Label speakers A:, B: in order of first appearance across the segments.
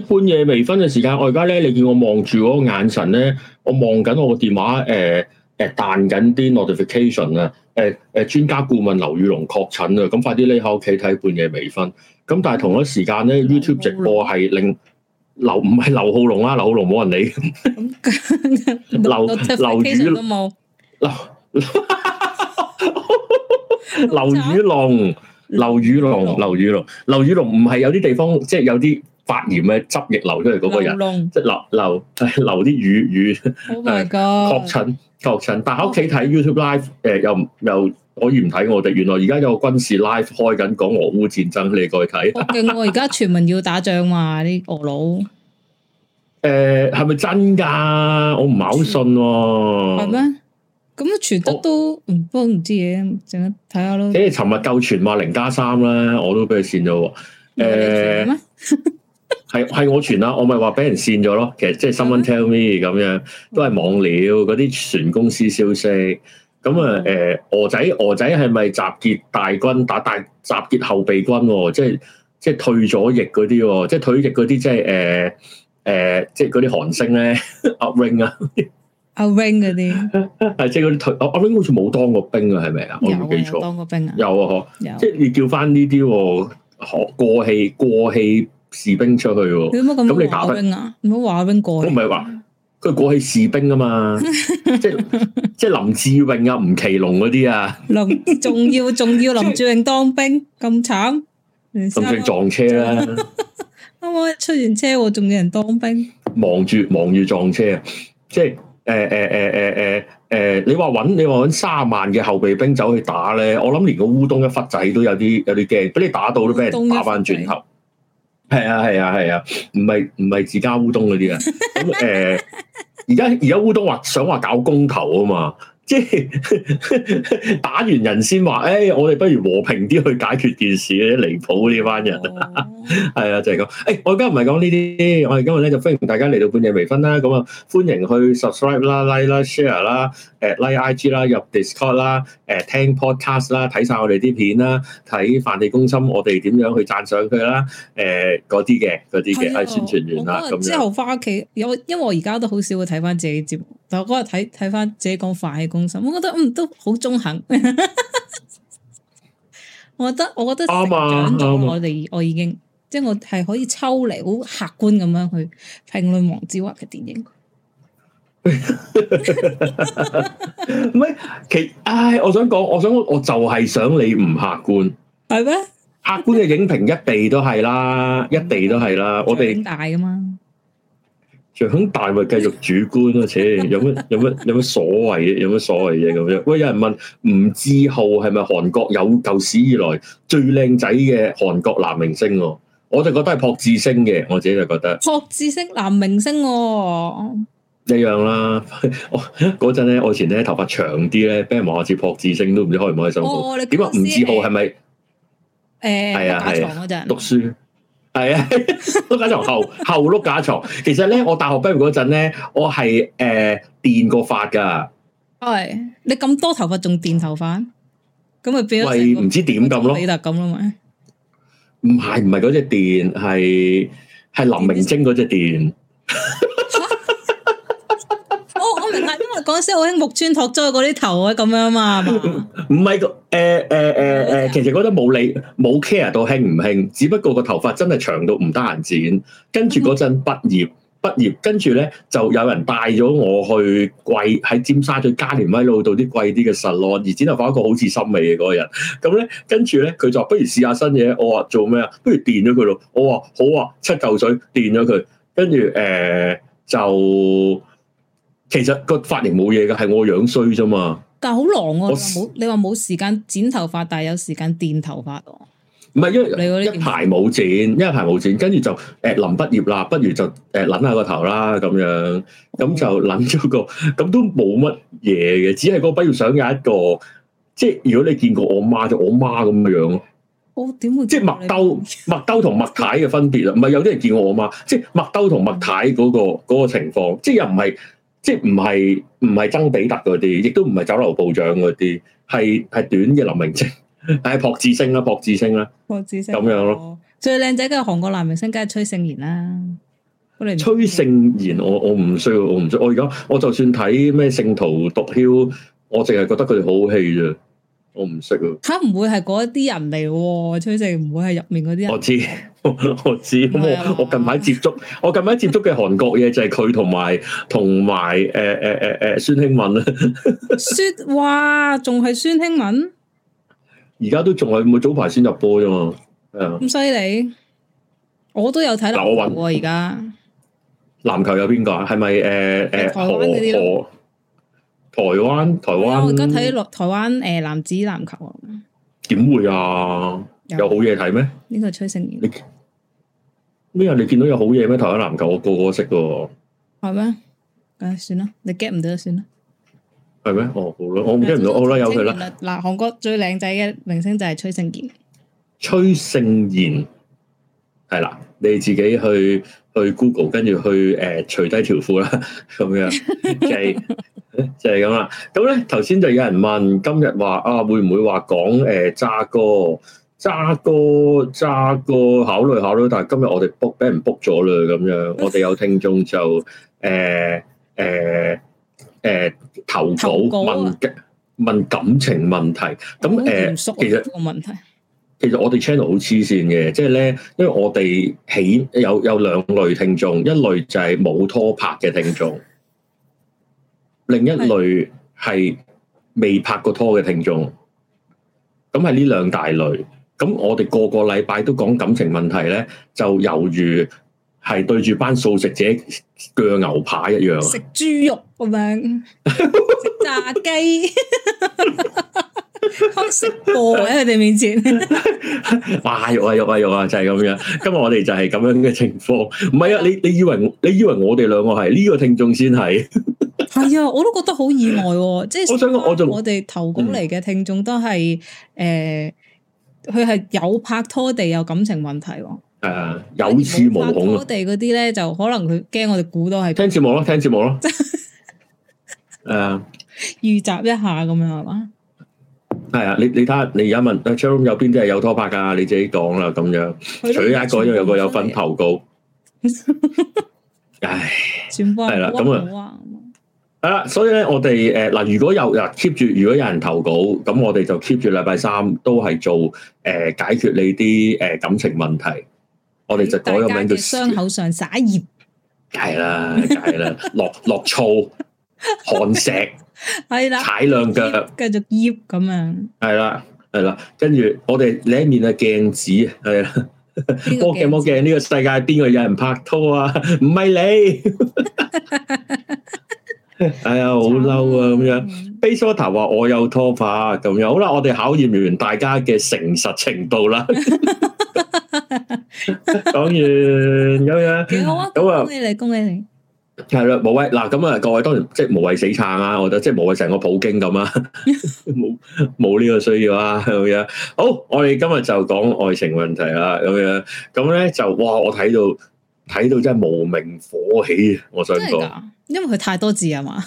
A: 半夜微醺嘅時間，我而家咧，你見我望住嗰個眼神咧，我望緊我個電話，誒、呃、誒、呃、彈緊啲 notification 啊、呃，誒、呃、誒專家顧問劉宇龍確診啊，咁快啲匿喺屋企睇半夜微醺。咁但係同一時間咧，YouTube 直播係令劉唔係劉浩龍啊，劉浩龍冇人理。咁劉劉宇都
B: 冇。劉
A: 劉宇龍，劉宇龍，劉宇龍，劉宇龍唔係有啲地方即係、就是、有啲。發炎嘅汁液流出嚟嗰個人，動即係流流流啲乳乳，oh、確診確診，但喺屋企睇 YouTube live，誒、呃、又又可以唔睇我哋。原來而家有個軍事 live 開緊講俄烏戰爭，你過去
B: 睇。我而家全民要打仗嘛啲 俄佬。
A: 誒係咪真㗎？我唔係好信喎。係咩？
B: 咁啊，傳得都唔幫唔知嘢。嘅我，剩睇下咯。
A: 誒，尋日夠傳話零加三啦，我都俾佢線咗喎。誒、嗯。 係係，我傳啦，我咪話俾人線咗咯。其實即係 someone tell me 咁樣，都係網料嗰啲船公司消息。咁啊誒，俄、呃、仔俄仔係咪集結大軍打大集結後備軍，哦？即係即係退咗役嗰啲，即係退、哦、退役嗰啲即係誒誒，即係嗰啲韓星咧阿 A Ring 啊 ring，
B: 阿 Ring 嗰啲
A: 係即係嗰啲退阿 Ring 好似冇當過兵啊，係咪啊？啊？我有冇記錯？當過兵啊？有啊，可即係你叫翻呢啲可過氣過氣。過氣士兵出去、啊，咁你打兵
B: 啊？唔好話兵過去。我唔
A: 係話佢過去士兵啊嘛， 即係即係林志穎啊、吳奇隆嗰啲啊。
B: 林 仲要仲要林志穎當兵咁慘，林志穎撞車啦、啊。啱啱出完車、啊，仲有、 啊、人當兵，
A: 忙住忙住撞車啊！即係誒誒誒誒誒誒，你話搵你話搵卅萬嘅後備兵走去打咧，我諗連個烏冬一忽仔都有啲有啲驚，俾你打到都俾人打翻轉頭。係啊係啊係啊，唔係唔係自家烏冬嗰啲啊，咁誒、 嗯，而家而家烏冬話想話搞公投啊嘛。即係 打完人先話，誒、欸！我哋不如和平啲去解決件事咧，離譜呢班人。係、oh. 啊，就係、是、咁。誒、欸，我而家唔係講呢啲，我哋今日咧就歡迎大家嚟到半夜微分啦。咁、嗯、啊，歡迎去 subscribe 啦、like 啦、share 啦、誒、呃、like IG 啦、入 Discord 啦、誒、呃、聽 podcast 啦、睇晒我哋啲片啦、睇《梵地公心》我哋點樣去讚賞佢啦、誒嗰啲嘅嗰啲嘅啊，宣傳員啦。咁、oh. 樣之後
B: 翻屋企，有因為我而家都好少會睇翻自己節目。但我嗰日睇睇翻自己講法喺公審，我覺得嗯都好中肯 我。我覺得我覺得啱咗我哋，嗯啊、我已經即係我係可以抽離好客觀咁樣去評論黃子華嘅電影。
A: 唔係其實，唉，我想講，我想我就係想你唔客觀，係咩是嗎？ 客觀嘅影評一地都係啦，一地都係啦， 我哋大噶嘛。就響大咪繼續主觀咯，切有乜有乜有乜所謂嘅，有乜所謂嘢咁樣。喂，有人問吳智昊係咪韓國有舊史以來最靚仔嘅韓國男明星？我就覺得係朴智星嘅，我自己就覺得朴
B: 智星男明星，啊，
A: 一樣啦 我。我嗰陣咧，我以前咧頭髮長啲咧，俾人望下似朴智星都唔知開唔開心。哦，點解吳智昊係咪？
B: 誒、欸，係啊，係、啊、讀
A: 書。係碌架床後 後碌架床，其實咧我大學畢業嗰陣咧，我係誒、呃、電過髮噶，
B: 係、哎、你咁多頭髮仲電頭髮，咁咪變咗成唔知點咁咯，你達咁
A: 咯咪？唔係唔係嗰隻電，係係林明晶嗰隻電。
B: 嗰陣時好興木村拓哉嗰啲頭啊咁樣嘛，唔
A: 係個誒誒誒，其實覺得冇理冇 care 到興唔興，只不過個頭髮真係長到唔得閒剪，跟住嗰陣畢業畢業，跟住咧就有人帶咗我去貴喺尖沙咀加連威路度啲貴啲嘅 salon 而剪頭髮一個好似森美嘅嗰個人，咁咧跟住咧佢就不如試下新嘢，我話做咩啊？不如電咗佢咯，我話好啊，七嚿水電咗佢，跟住誒就。其實個髮型冇嘢嘅，係我樣衰啫嘛。
B: 但係好狼喎、啊，冇我你話冇時間剪頭髮，但係有時間電頭髮。唔
A: 係因為你一排冇剪，一排冇剪，跟住就誒臨畢業啦，不如就誒捻，呃、下個頭啦咁樣，咁就捻咗個，咁都冇乜嘢嘅，只係嗰畢業想有一個，即係如果你見過我媽就我媽咁嘅樣咯。我點會即係麥兜麥兜同麥太嘅分別啊？唔係有啲人見過我媽，即係麥兜同麥太嗰、嗰個、嗰個情況，即係又唔係。即係唔係唔係曾比特嗰啲，亦都唔係酒樓部長嗰啲，係係短嘅男明星，係 朴智星啦、啊，朴智星啦、啊，
B: 朴智星咁、啊、樣咯。最靚仔嘅韓國男明星梗係崔勝賢啦、啊，
A: 我嚟。崔勝賢，我我唔需要，我唔需我而家我就算睇咩聖徒毒梟，我淨係覺得佢哋好好戲啫。我唔識啊！
B: 吓，唔會係嗰啲人嚟喎，哦，崔勝唔會係入面嗰啲人我我。
A: 我知，吧我知。我近排接觸，我近排接觸嘅韓國嘢就係佢同埋同埋誒誒誒誒孫興敏
B: 啦。孫 哇，仲係孫興敏？
A: 而家都仲係我早排先入波啫嘛，係咁
B: 犀利，我都有睇到！我啊！而家
A: 籃球有邊個、啊？係咪誒誒台灣？台灣台灣，我而家睇
B: 落台灣誒、呃、男子籃球啊？
A: 點會啊？有好嘢睇咩？
B: 呢個係崔勝賢
A: 咩啊？你見到有好嘢咩？台灣籃球我個個識嘅，
B: 係咩？咁算啦，你 get 唔到就算啦，
A: 係咩？哦好啦，我唔 get 唔到，嗯、好啦有佢啦。
B: 嗱，韓國最靚仔嘅明星就係崔勝賢。
A: 崔勝賢係啦，你自己去去 Google，跟住去誒除低條褲啦，咁、呃、樣即係。 就係咁啦，咁咧頭先就有人問，今日話啊會唔會話講誒揸歌揸歌揸歌，歌考慮下咯，但係今日我哋 book 俾人 book 咗啦咁樣，我哋有聽眾就誒誒誒投稿問問感情問題，咁誒、呃、其實問題其實我哋 channel 好黐線嘅，即係咧因為我哋起有有兩類聽眾，一類就係冇拖拍嘅聽眾。 另一類係未拍過拖嘅聽眾，咁係呢兩大類。咁我哋個個禮拜都講感情問題咧，就猶如係對住班素食者鋸牛扒一樣，食
B: 豬肉咁樣炸雞，食過喺佢哋面前。
A: 哇、 哎哎哎，肉啊肉啊肉啊就係、是、咁樣。今日我哋就係咁樣嘅情況。唔係啊，你你以為你以為我哋兩個係呢、這個聽眾先係？
B: 係啊，我都覺得好意外，即 係我想講我哋投稿嚟嘅聽眾都係誒，佢、呃、係有拍拖地有感情問題喎。誒、
A: uh, 有，有恃無恐啊！
B: 地嗰啲咧就可能佢驚我哋估到係
A: 聽節目咯，聽節目咯。
B: 誒，預習一下咁樣係嘛？
A: 係啊，你你睇下，你而家問阿 c 有邊啲係有拖拍噶？你自己講啦，咁樣，除咗一個又有個有份投稿。
B: 唉，係啦，咁う啊 Patrick。
A: 係啦、啊，所以咧，我哋誒嗱，如果有，嗱 keep 住，如果有人投稿，咁我哋就 keep 住禮拜三都係做誒、呃、解決你啲誒感情問題。我哋就改個名叫
B: 傷口上撒鹽。
A: 係啦，係啦， 落落醋，汗石，
B: 係啦 的，踩
A: 兩腳，
B: 繼續腌咁樣。
A: 係啦，係啦，跟住我哋你一面嘅鏡子，係啦，魔鏡魔鏡，呢、 這個世界邊個有人拍拖啊？唔係你。 哎呀，好嬲啊！咁樣，Basota 話我有拖把咁樣，好啦，我哋考驗完大家嘅誠實程度啦。講完咁樣，幾好啊！咁啊，恭喜你，恭喜你，係啦，無謂嗱，咁啊，各位當然即係無謂死撐啊，我覺得即係無謂成個普京咁啊，冇冇呢個需要啊咁樣。好，我哋今日就講愛情問題啦，咁樣，咁咧就哇，我睇到。睇到真係無名火起啊！我想講，
B: 因為佢太多字啊嘛。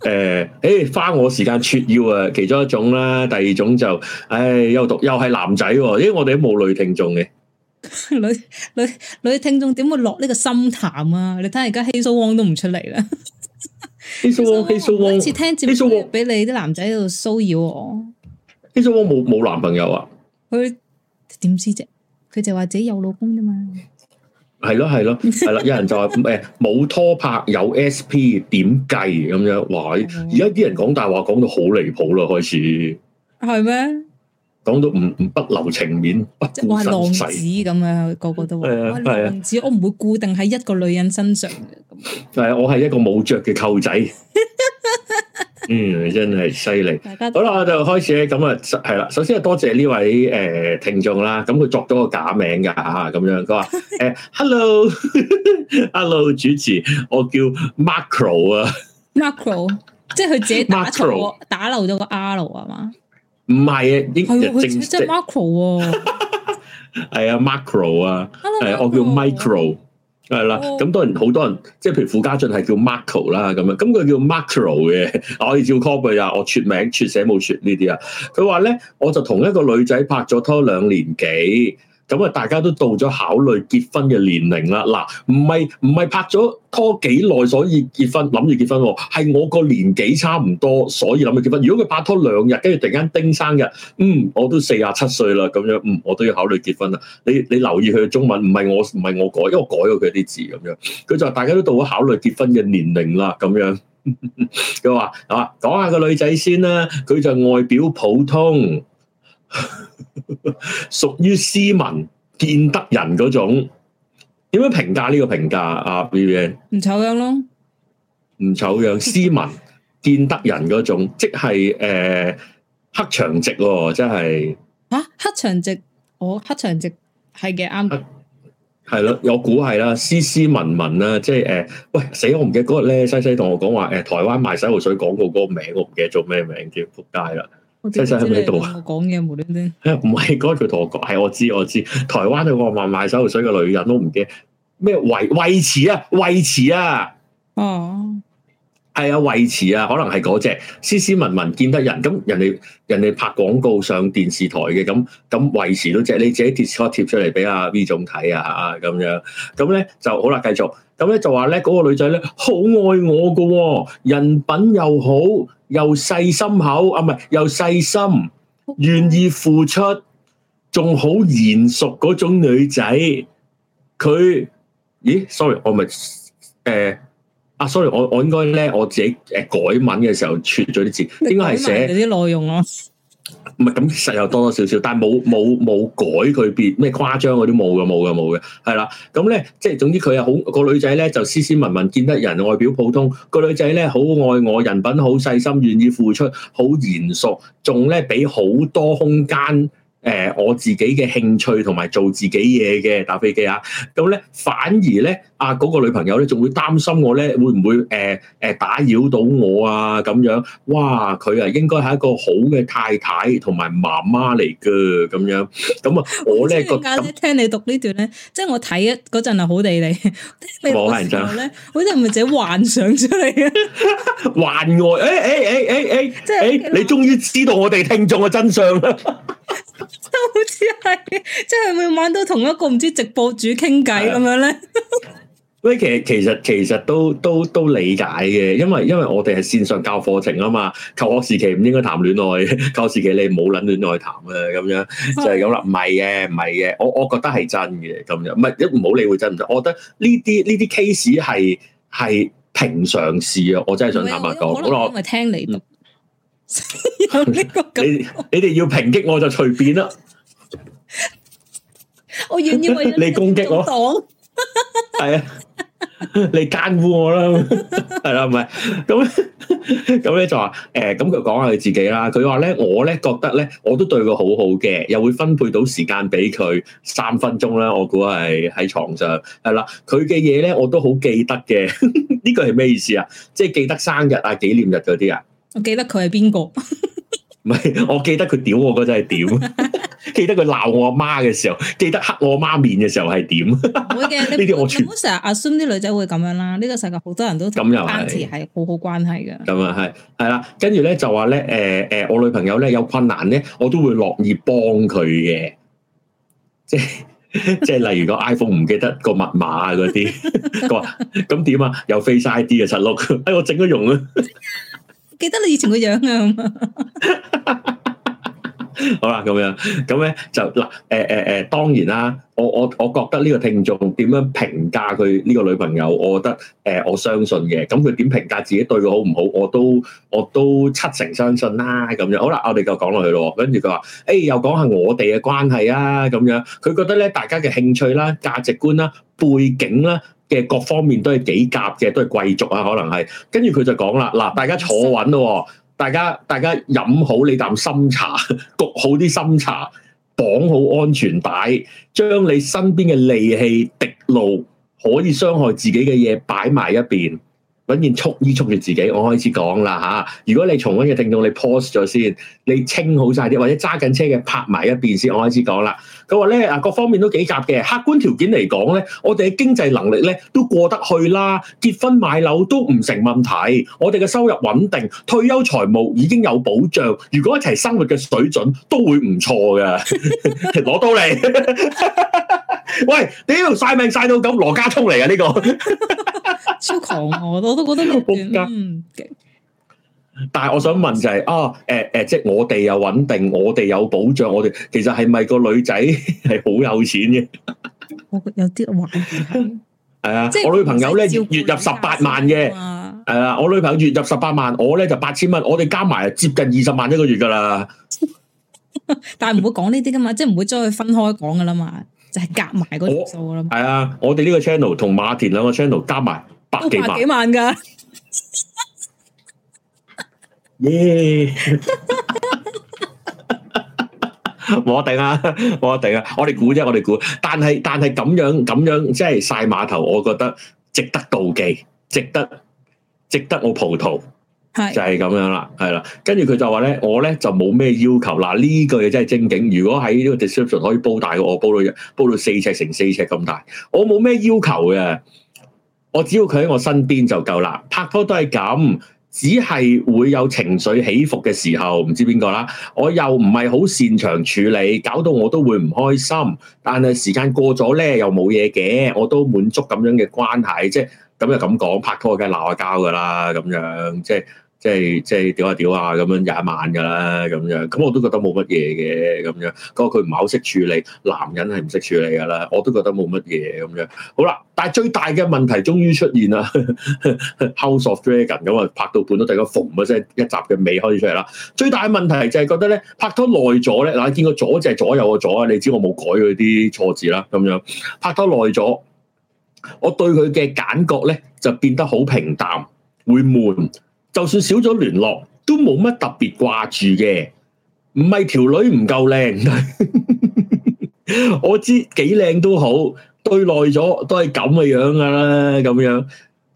A: 誒，誒，花我時間撮要啊，其中一種啦，第二種就，唉，又毒又係男仔，啊，咦，我哋都冇女聽眾嘅。
B: 女女女聽眾點會落呢個深潭啊？你睇下而家 Hee So Wong 都唔出嚟啦。 Hee So Wong，Hee So Wong， Hee So Wong，每次聽節目俾你啲男仔喺度騷擾我。
A: Hee So Wong 冇冇男朋友啊？
B: 佢點知啫？佢就話自己有老公啫嘛。
A: 係咯係咯，係啦！有人就話誒冇拖拍有 SP 點計咁樣，哇！而家啲人講大話講到好離譜啦，開始係咩？講到唔唔不留情面，即浪子
B: 咁樣，個個都話，浪子我唔會固定喺一個女人身上
A: 嘅，咁誒，我係一個冇著嘅舅仔。嗯，真係犀利。大家好啦，我就開始咁啊，係啦。首先啊，多謝呢位誒聽眾啦。咁佢作咗個假名噶吓，咁、呃、樣佢話誒 ，hello，hello 主持，我叫 Macro 啊。
B: Macro 即係佢自己打 ro 打漏咗個 r 啊嘛？唔係啊，
A: 應係正即係 Macro 係啊 Macro 啊，係我叫 micro。係啦，咁多人好多人，即係譬如傅家俊係叫 Marco 啦咁樣，咁佢叫 Macro 嘅，我可以照 copy 啊，我綽名綽寫冇綽呢啲啊。佢話咧，我就同一個女仔拍咗拖兩年幾。咁啊，大家都到咗考慮結婚嘅年齡啦。嗱、啊，唔係唔係拍咗拖幾耐所以結婚，諗住結婚、啊，係我個年紀差唔多，所以諗住結婚。如果佢拍拖兩日，跟住突然間叮生日，嗯，我都四十七歲啦，咁樣，嗯，我都要考慮結婚啦。你你留意佢嘅中文，唔係我唔係我改，因為我改咗佢啲字咁樣。佢就話大家都到咗考慮結婚嘅年齡啦，咁樣。佢 話啊，講下個女仔先啦、啊，佢就外表普通。屬於 斯文見得人嗰種，點樣評價呢個評價啊？B B，唔醜樣咯醜，唔醜樣，斯文見得人嗰種，即係誒、呃、黑長直、哦，真係
B: 吓、啊、黑長直、哦黑，我黑長直係嘅啱，
A: 係咯，有估我估係啦，斯斯文文啦，即係誒、呃，喂死我唔記得嗰日咧西西同我講話，誒、呃、台灣賣洗頭水廣告嗰個名我唔記得做咩名，叫仆街啦。細細喺咪喺度啊？我講嘢冇端端，唔係嗰日同我講，係我知我知。台灣嘅億萬買手腦水嘅女人都唔驚咩？維維持啊，維持啊，哦，係啊，維持、哎、啊，可能係嗰隻斯斯文文見得人咁，人哋人哋拍廣告上電視台嘅咁咁，維持嗰隻你自己貼出貼出嚟俾阿 V 總睇啊，咁樣咁咧就好啦，繼續。咁咧就話咧，嗰個女仔咧好愛我嘅，人品又好，又細心口啊，唔係又細心，願意付出，仲好賢淑嗰種女仔。佢，咦？sorry，我咪誒啊，sorry，我我應該咧我自己誒改文嘅時候，串咗啲字，應該係寫啲內容咯。唔係咁實又多多少少，但係冇冇冇改佢別咩誇張嗰啲冇嘅冇嘅冇嘅係啦，咁咧即係總之佢係好個女仔咧就斯斯文文，見得人外表普通，個女仔咧好愛我，人品好細心，願意付出，好賢淑，仲咧俾好多空間。誒，我自己嘅興趣同埋做自己嘢嘅打飛機啊，咁咧反而咧啊，嗰個女朋友咧仲會擔心我咧會唔會誒誒打擾到我啊咁樣。哇，佢啊應該係一個好嘅太太同埋媽媽嚟嘅咁樣。咁啊我咧個咁
B: 聽你讀呢段咧，即係我睇嗰陣啊，好地地，冇人，好
A: 似係咪自己幻想出嚟啊？幻愛誒誒誒誒誒，即係你終於知道我哋聽眾嘅真相啦！
B: 即係，即係每晚都同一個唔知直播主傾偈咁樣咧。
A: 喂，其實其實其實都都都理解嘅，因為因為我哋係線上教課程啊嘛。求學時期唔應該談戀愛，求學時期你冇諗戀愛談啊。咁樣就係咁啦。唔係嘅，唔係嘅，我我覺得係真嘅咁樣，唔係一唔好理會真唔真。我覺得呢啲呢啲 case 係係平常事啊。我真係想坦白講，好咯，我因
B: 為聽你讀。嗯、
A: 個你你哋要抨擊我就隨便啦。我願意為你攻擊我，係啊，你奸污我啦，係啦，唔係咁咁咧就話誒，咁佢講下佢自己啦。佢話咧，我咧覺得咧，我都對佢好好嘅，又會分配到時間俾佢三分鐘啦。我估係喺床上係啦，佢嘅嘢咧我都好記得嘅。呢個係咩意思啊？即係記得生日啊、紀念日嗰啲啊？我
B: 記得佢係邊個？
A: 唔係，我記得佢屌我嗰陣係屌。記得佢鬧我阿媽嘅時候，記得黑我媽面嘅時候係點？ 會
B: 嘅，呢啲我全部成日 assume 啲女仔會咁樣啦。呢、這個世界好多人都暫時係好好關係
A: 嘅。咁啊係，係啦。跟住咧就話咧，誒、呃、誒、呃，我女朋友咧有困難咧，我都會樂意幫佢嘅。即即係例如個 iPhone 唔 記得個密碼啊嗰啲，我話咁點啊？有 Face ID 啊，七六，哎，我整咗容啦。
B: 記得你以前個樣啊！
A: 好啦，咁樣咁咧就，嗱，誒誒誒，當然啦，我我我覺得呢個聽眾點樣評價佢呢個女朋友，我覺得誒、呃，我相信嘅。咁佢點評價自己對佢好唔好，我都我都七成相信啦。咁樣好啦，我哋就講落去咯。跟住佢話，誒、哎，又講下我哋嘅關係啊，咁樣。佢覺得咧，大家嘅興趣啦、價值觀啦、背景啦嘅各方面都係幾夾嘅，都係貴族啊，可能係。跟住佢就講啦，嗱，大家坐穩咯。大家，大家飲好你啖參茶，焗好啲參茶，綁好安全帶，將你身邊嘅利器滴露，可以傷害自己嘅嘢擺埋一邊。揾件速衣速住自己，我開始講啦吓。如果你重溫嘅聽眾，你 pause 咗先，你清好晒啲，或者揸緊車嘅拍埋一邊先。我開始講啦。佢話咧啊，各方面都幾夾嘅。客觀條件嚟講咧，我哋嘅經濟能力咧都過得去啦。結婚買樓都唔成問題。我哋嘅收入穩定，退休財務已經有保障。如果一齊生活嘅水準都會唔錯嘅。攞 刀嚟來！ 喂，屌！晒命晒到咁，羅家聰嚟嘅呢個。 超狂，我都我都覺得，嗯，但係我想問就係、是、啊，誒、哦、誒、呃呃，即係我哋有穩定，我哋有保障，我哋其實係咪個女仔係好有錢嘅？
B: 我有啲話係啊，即係是
A: 我女朋友咧月入十八萬嘅，係啊，啊，我女朋友月入十八萬，我咧就八千蚊，我哋加埋接近二十萬一個月噶啦。
B: 但係唔會講呢啲噶嘛，即係唔會將佢分開講噶啦嘛。就
A: 係夾埋嗰條數咯，係、哦、啊，我哋呢個 channel 同馬田兩個 channel 加埋百幾萬，百幾萬噶，耶 Yeah！ 我定啊，我定啊，我哋估啫，我哋估。但係但係咁樣咁樣，即係晒碼頭，我覺得值得妒忌，值得值得我葡萄。就係咁樣啦，係啦，跟住佢就話咧，我咧就冇咩要求嗱，呢句嘢真係正經。如果喺呢個 description 可以煲大，我煲到煲到四尺乘四尺咁大，我冇咩要求嘅，我只要佢喺我身邊就夠啦。拍拖都係咁，只係會有情緒起伏嘅時候，唔知邊個啦，我又唔係好擅長處理，搞到我都會唔開心。但係時間過咗咧，又冇嘢嘅，我都滿足咁樣嘅關係，即係咁就咁講。拍拖梗係鬧下交㗎啦，咁樣即係。即係即係屌下屌下咁樣，廿萬㗎啦，咁樣咁我都覺得冇乜嘢嘅咁樣。咁佢唔係好識處理，男人係唔識處理㗎啦。我都覺得冇乜嘢咁樣。好啦，但係最大嘅問題終於出現啦，《House of Dragon》咁啊拍到半都，突然間縫嗰聲一集嘅尾開始出嚟啦。最大嘅問題就係覺得咧，拍拖耐咗咧嗱，見過左隻左右個左啊，你知我冇改嗰啲錯字啦，咁樣拍拖耐咗，我對佢嘅感覺咧就變得好平淡，會悶。就算少咗聯絡，都冇乜特別掛住嘅。唔係條女唔夠靚，我知幾靚都好，對耐咗都係咁嘅樣噶啦。咁樣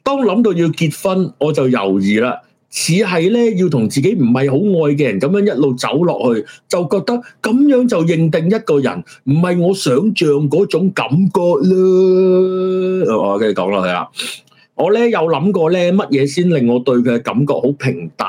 A: 當諗到要結婚，我就猶豫啦，似係咧要同自己唔係好愛嘅人咁樣一路走落去，就覺得咁樣就認定一個人，唔係我想像嗰種感覺啦。我繼續講落去啊。我咧有諗過咧，乜嘢先令我對佢嘅感覺好平淡？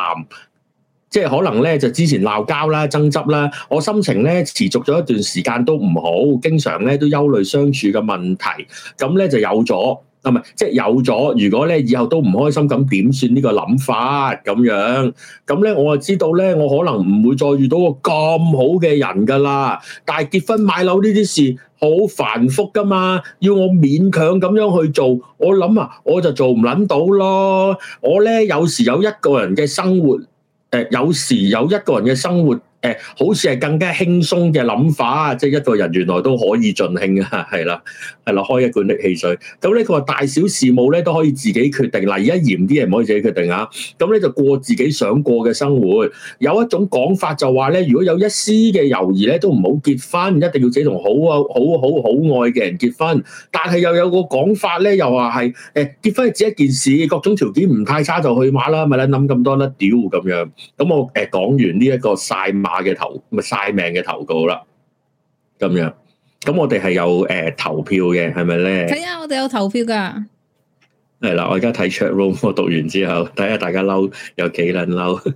A: 即係可能咧就之前鬧交啦、爭執啦，我心情咧持續咗一段時間都唔好，經常咧都憂慮相處嘅問題，咁咧就有咗。啊，唔係，即係有咗。如果咧以後都唔開心，咁點算呢個諗法咁樣？咁咧我就知道咧，我可能唔會再遇到個咁好嘅人噶啦。但係結婚買樓呢啲事好繁複噶嘛，要我勉強咁樣去做，我諗啊，我就做唔撚到咯。我咧有時有一個人嘅生活，誒、呃、有時有一個人嘅生活。誒、哎、好似係更加輕鬆嘅諗法，即係一個人原來都可以盡興嘅，係啦，係啦，開一罐啲汽水。咁呢個大小事務咧都可以自己決定，利一嫌啲人唔可以自己決定啊。咁咧就過自己想過嘅生活。有一種講法就話咧，如果有一絲嘅猶豫咧，都唔好結婚，一定要自己同好啊、好好好愛嘅人結婚。但係又有個講法咧，又話係誒結婚係只一件事，各種條件唔太差就去馬啦，咪啦諗咁多啦屌咁樣。咁我誒講、呃、完呢、這、一個晒。嘅投咪晒命嘅投稿啦，咁樣咁我哋係有誒、呃、投票嘅係咪咧？
B: 係啊，我哋有投票噶。
A: 係啦，我而家睇桌 room 我讀完之後，睇下大家嬲有幾卵嬲。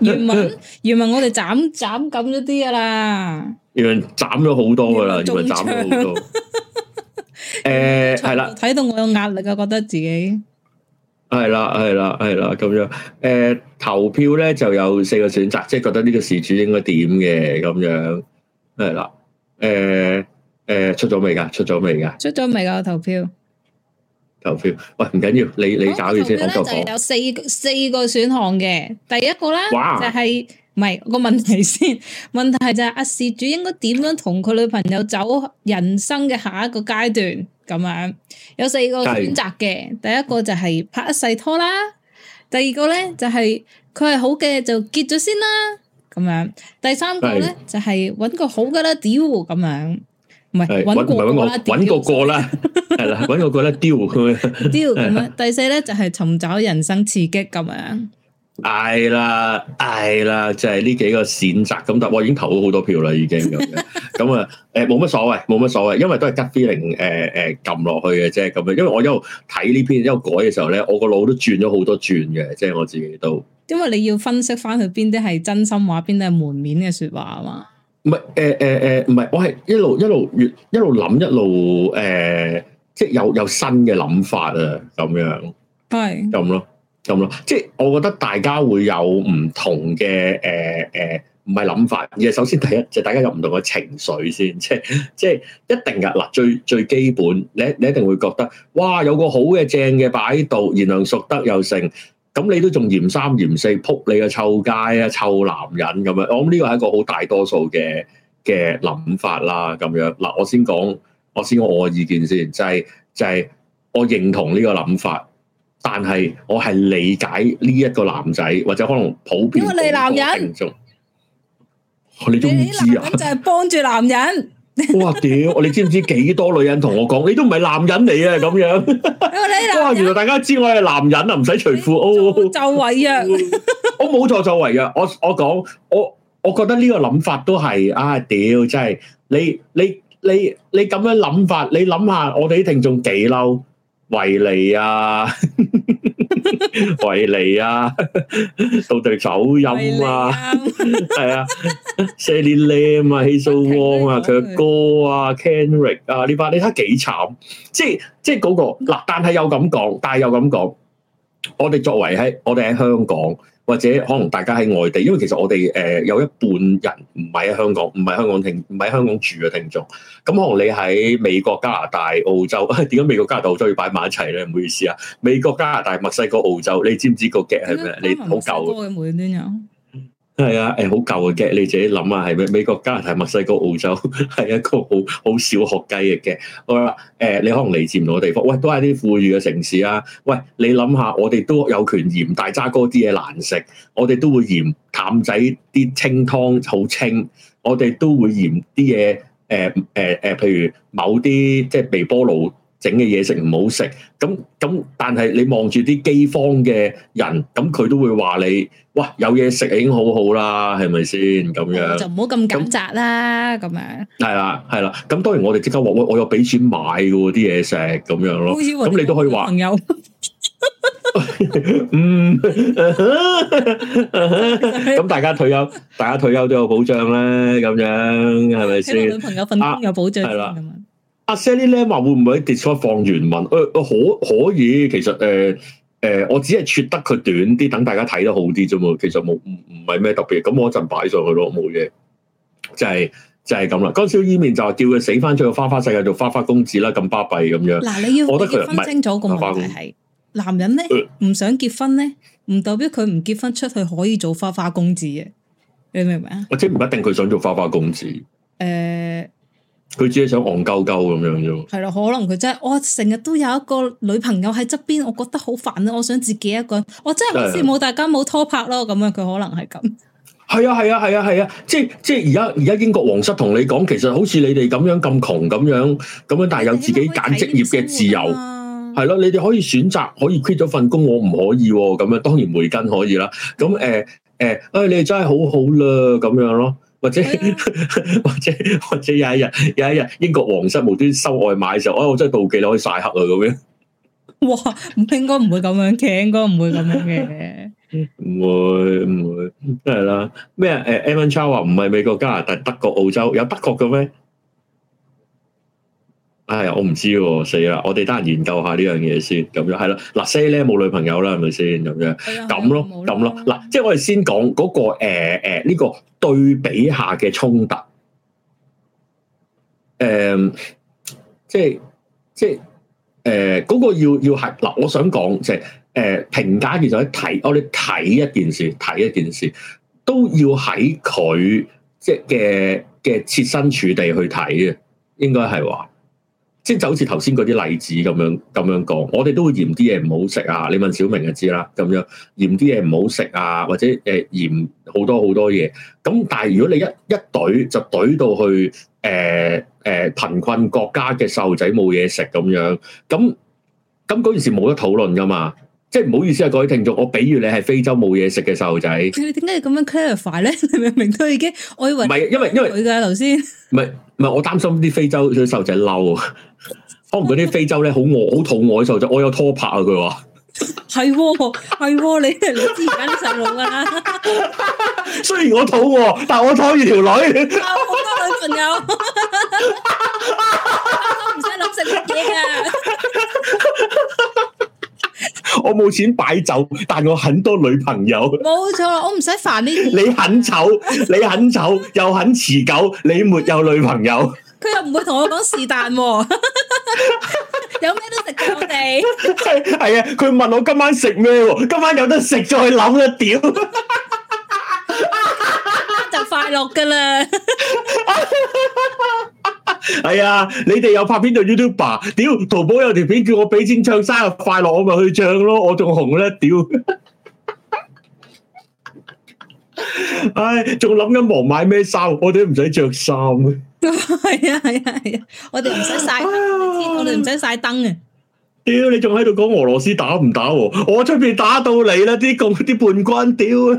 B: 原文原文我哋斬斬咁咗啲啊啦，
A: 原文斬咗好多噶啦， 原文斬咗好多。誒，係啦，睇
B: 到我有壓力啊，覺得自己。
A: 係啦，係啦，係啦，咁樣。誒、呃，投票咧就有四個選擇，即係覺得呢個事主應該點嘅咁樣。係啦，誒、呃、誒、呃，出咗未噶？出咗未噶？
B: 出咗未噶？投票，
A: 投票。喂，唔緊要，你你搞嘢先。我同佢就有
B: 四個四個選項嘅。第一個啦、就係，就係唔係個問題先？問題就係阿事主應該點樣同佢女朋友走人生嘅下一個階段？咁樣有四個選擇嘅，第一個就係拍一世拖啦，第二個咧就係佢係好嘅就結咗先啦，咁樣，第三個咧、哎、就係搵個好嘅啦，屌咁樣，唔係搵個唔係搵我搵個個啦，
A: 係啦搵個個啦，屌佢屌咁樣，
B: 第四咧就係、是、尋找人生刺激咁樣。
A: 係啦，係啦，就係、是、呢幾個選擇咁，但我已經投咗好多票啦，已經咁樣咁啊。誒、嗯，冇乜所謂，冇乜所謂，因為都係 gut feeling 誒誒撳落去嘅啫，咁樣，因為我一路睇呢篇一路改嘅時候咧，我個腦都轉咗好多轉嘅，即係我自己都。
B: 因為你要分析翻去邊啲係真心話，邊啲係門面嘅說話啊嘛？
A: 唔係， 誒誒誒，唔、呃、係，我係一路一路越一路諗一路誒、呃，即係有有，有新嘅諗法啊，咁樣，係是，咁咯。咁咯，即係我覺得大家會有唔同嘅誒誒，唔係諗法。而首先第一就大家有唔同嘅情緒先，即係即係一定嘅嗱，最最基本，你你一定會覺得哇，有個好嘅正嘅擺喺度，賢良淑德又盛，咁你都仲嫌三嫌四，扑你個臭街啊，臭男人咁樣。我諗呢個係一個好大多數嘅嘅諗法啦，咁樣嗱，我先講，我先講我嘅意見先，就係就係我認同呢個諗法。但係我係理解呢一個男仔，或者可能普遍。因為你男人，我、哦、你都唔知啊！就係
B: 幫住男人。
A: 哇屌！ 你知唔知幾多女人同我講？你都唔係男人嚟啊！咁樣。哇！ 原來大家知我係男人啊，唔使除附哦。除褲 我就偽藥。我冇錯，就偽藥。我我講，我我覺得呢個諗法都係啊屌！真係你你你你咁樣諗法，你諗下我哋啲聽眾幾嬲。維尼啊，維尼啊，到底走音啊？係啊，Shelly Lam 啊，Heath Wong 啊，佢嘅歌啊，Kenrick 啊，你話你睇幾慘？即係即係嗰個嗱，但係又咁講，但係又咁講，我哋作為喺我哋喺香港。或者可能大家喺外地，因為其實我哋誒、呃、有一半人唔喺香港，唔喺香港聽，唔喺香港住嘅聽眾。咁可能你喺美國、加拿大、澳洲，點、哎、解美國、加拿大、澳洲要擺埋一齊咧？唔好意思啊，美國、加拿大、墨西哥、澳洲，你知唔知個 gag 係咩？你好舊。係啊，誒，好舊嘅，你自己諗下，係咪美國、加拿大、墨西哥、澳洲，係一個好好小學雞嘅。好啦，誒、呃，你可能嚟自唔同嘅地方，喂，都係啲富裕嘅城市啊。喂，你諗下，我哋都有權嫌大渣哥啲嘢難食，我哋都會嫌淡仔啲清湯好清，我哋都會嫌啲嘢，誒誒誒，譬如某啲即係微波爐。整嘅嘢食唔好食，咁咁，但係你望住啲饑荒嘅人，咁佢都會話你，哇，有嘢食已經好好啦，係咪先咁樣？哦、就
B: 唔好咁揀擇啦，咁樣。
A: 係啦，係啦，咁當然我哋即刻話，我我有俾錢買嘅啲嘢食咁樣咯。咁你都可以話。朋友，咁、 嗯 啊、 大家退休，大家退休都有保障咧，咁樣係咪先？女朋友份工有保障。啊 阿 Sally 咧，話會唔會 description 放原文？誒、啊、可可以，其實誒誒、呃呃，我只係撮得佢短啲，等大家睇得好啲啫嘛。其實冇唔唔係咩特別。咁我陣擺上去咯，冇嘢。就係、是、就係咁啦。乾燒伊麵就叫佢死翻出去花花世界做花花公子啦，咁巴閉咁樣。嗱，你要分清楚個問題係。
B: 男人咧唔、呃、想結婚咧，唔代表佢唔結婚出去可以做花花公子嘅，你明唔明
A: 啊？即唔一定佢想做花花公子。
B: 誒、呃。
A: 佢只係想戇鳩鳩咁樣啫喎，係啦，可
B: 能佢真係我成日都有一個女朋友喺側邊，我覺得好煩啊！我想自己一個人，我真係好羨慕大家冇拖拍咯，咁樣佢可能係咁。
A: 係啊，係啊，係啊，係啊，即係即係而家而家英國皇室同你講，其實好似你哋咁樣咁窮咁樣咁樣，但係有自己揀職業嘅自由，係咯，啊？你哋可以選擇可以 quit 咗份工，我唔可以喎。咁樣當然梅根可以啦。咁誒誒，哎，欸欸欸欸欸欸，你哋真係好好啦，咁樣咯。或者或者或者有一日有一日英國皇室無端收外賣嘅時候，我真係妒忌你可以曬黑啊咁樣。
B: 哇！唔應該唔會咁樣嘅，應該唔會咁樣嘅。唔
A: 會唔會，真係啦。咩啊？誒，Emma Chau 話唔係美國、加拿大、德國、澳洲有德國嘅咩？係、哎，我唔知喎、啊，死啦！我哋得閒研究下呢樣嘢先咁樣，係咯嗱，Say 咧冇女朋友啦，係咪先咁樣？咁咯，咁咯嗱，哎、呦即係我哋先講嗰、那個誒誒呢個對比下嘅衝突，誒、呃，即係即係誒嗰個要要係嗱、呃，我想講就係誒評價其實睇我哋睇一件事，睇一件事都要喺佢即係嘅嘅切身處地去睇嘅，應該係話。即係就好似頭先嗰啲例子咁樣咁樣講，我哋都會嫌啲嘢唔好食啊！你問小明就知啦，咁樣嫌啲嘢唔好食啊，或者誒嫌好多好多嘢。咁但係如果你一一隊就隊到去誒誒貧困國家嘅細路仔冇嘢食咁樣，咁咁嗰件事冇得討論㗎嘛？即係唔好意思啊，各位聽眾，我比喻你係非洲冇嘢食嘅細路仔。
B: 你點解要咁樣 clarify 咧？你明明都已經，我以
A: 為唔係，因為因為佢噶頭先。唔係唔係，我擔心啲非洲啲細路仔嬲啊。可能啲非洲咧好餓，好肚餓啲細路仔，我有拖拍啊佢
B: 話。係係，你你知而家啲細路噶啦。
A: 雖然我肚餓，但係我拖住條女。
B: 我好多女朋友。唔使諗食乜嘢啊！
A: 我冇錢擺酒，但我很多女朋友。
B: 冇錯啦，我唔使煩呢啲。
A: 你很醜，你很醜又很持久，你沒有女朋友。
B: 佢又唔會同我講是但，有咩都食嘅我哋。
A: 係係啊，佢問我今晚食咩？今晚有得食再諗一屌！
B: 就快樂噶啦。
A: 係啊、哎，你哋又拍片度 YouTuber？屌，淘寶有條片叫我俾錢唱生日快樂，我咪去唱咯，我仲紅咧，屌！唉、 哎，仲諗緊忙買咩衫？我哋唔使着衫嘅。
B: 係啊， 係啊、哎呀，係啊，我哋唔使晒，我哋唔使
A: 晒燈啊。屌，你仲喺度講俄羅斯打唔打？我出邊打到你啦！啲共啲叛軍屌。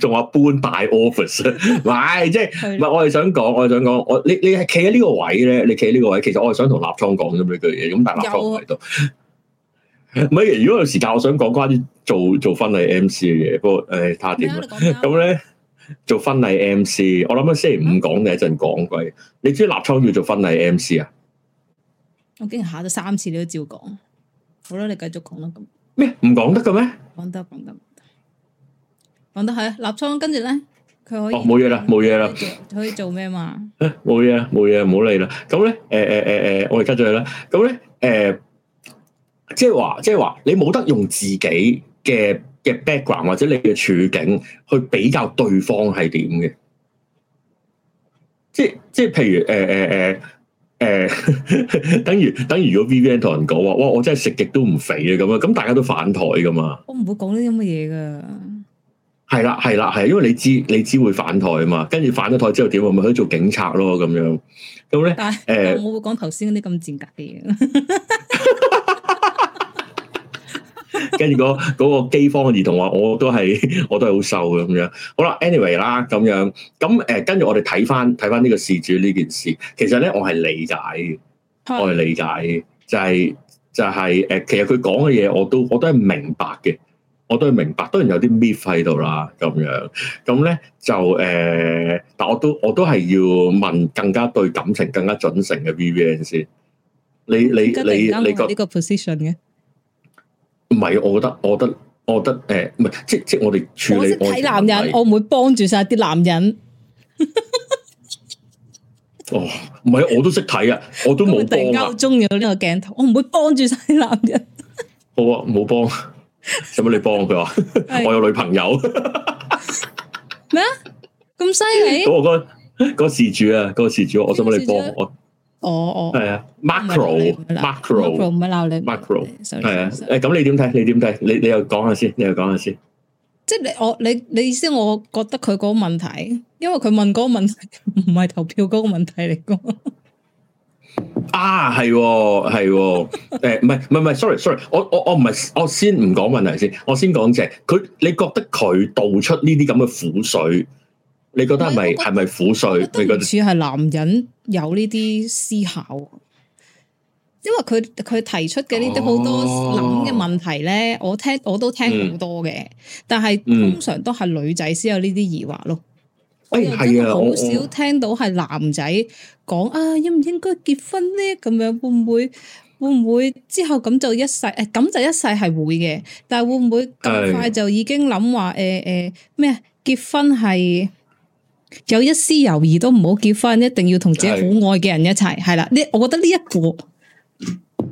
A: 仲話搬大 office，唔係，即係唔係？我係想講，我係想講，我你你係企喺呢個位咧，你企喺呢個位，其實我係想同立倉講咗呢句嘢，咁但係立倉喺度，到有。唔係，如果有時間，我想講關於做做婚禮 MC 嘅嘢。不過，誒，睇下點啦。咁咧，做婚禮 MC，我諗咗星期五講嘅，一陣講佢。你知立倉要做婚禮 MC 啊？
B: 我今日下咗三次，你都照講。好啦，你繼續講啦，咁
A: 咩唔講得嘅咩？
B: 講得，講得。講得係，立倉跟住咧，佢可以哦，冇
A: 嘢啦，冇嘢啦，可以做咩嘛？冇嘢，冇嘢，唔好理啦。咁咧，誒誒誒誒，我哋 cut 咗佢啦。咁咧，誒、呃，即係話，即係話，你冇得用自己嘅嘅 background 或者你嘅處境去比較對方係點嘅。即係即係，譬如誒誒誒誒，等於等於，如果 VVN 同人講話，哇，我真係食極都唔肥啊，咁樣，咁大家都反台噶嘛。
B: 我唔會講呢啲咁嘅嘢噶。
A: 係啦，係啦，係，因為你知你知會反台啊嘛，跟住反咗台之後點啊，咪可以做警察咯，咁樣咁咧，誒，但呃、但我
B: 冇講頭先嗰啲咁賤格嘅嘢，
A: 跟住嗰嗰個饑荒嘅兒童話，我都係我都係好瘦嘅咁樣。好啦，anyway 啦，咁樣咁誒，跟、呃、住我哋睇翻睇翻呢個事主呢件事，其實咧我係理解，嗯、我係理解，就係、是、就係、是、誒、就是呃，其實佢講嘅嘢，我都我都係明白嘅。我都係明白，當然有啲 misfit 喺度啦，咁樣咁咧就誒，但我都我都係要問更加對感情、更加準誠嘅 VVN 先。你你你你覺呢個
B: position 嘅？
A: 唔係，我覺得我覺得我覺得誒，唔係即即我哋處理，我識睇男人，我
B: 唔會幫住曬啲男人。
A: 哦，唔係，我都識睇啊，我都冇幫啊。
B: 中意呢個鏡頭，我唔會幫住曬男
A: 人。好啊，唔好幫。使乜想你幫佢話？我有女朋友
B: 咩啊？咁犀利個
A: 嗰個事主啊，嗰個事主，我想唔想你幫我？
B: 哦哦，係
A: 啊，Macro Macro 唔係鬧你，Macro 係啊。誒，咁你點睇？你點睇？你你又講下先，你又講下先。
B: 即係你我你你意思，我覺得佢嗰個問題，因為佢問嗰個問題唔係投票嗰個問題嚟講。
A: 啊，係喎、哦，係喎、哦，唔、哎、係，唔係，唔係，sorry，sorry，我我我唔係，我先唔講問題先，我先講啫。佢你覺得佢道出呢啲咁嘅苦水，你覺得係咪係咪苦水？你覺得似
B: 係男人有呢啲思考，因為佢佢提出嘅呢啲好多諗嘅問題咧，哦、我聽我都聽好多嘅，嗯、但係通常都係女仔先有呢啲疑惑咯。我又真係好少聽到係男仔講啊，應唔應該結婚咧？咁樣會唔會會唔會之後咁就一世誒？咁就一世係會嘅，但係會唔會咁快就已經諗話誒誒咩結婚係有一絲猶豫都唔好結婚，一定要同自己好愛嘅人一齊。係啦，呢我覺得呢一個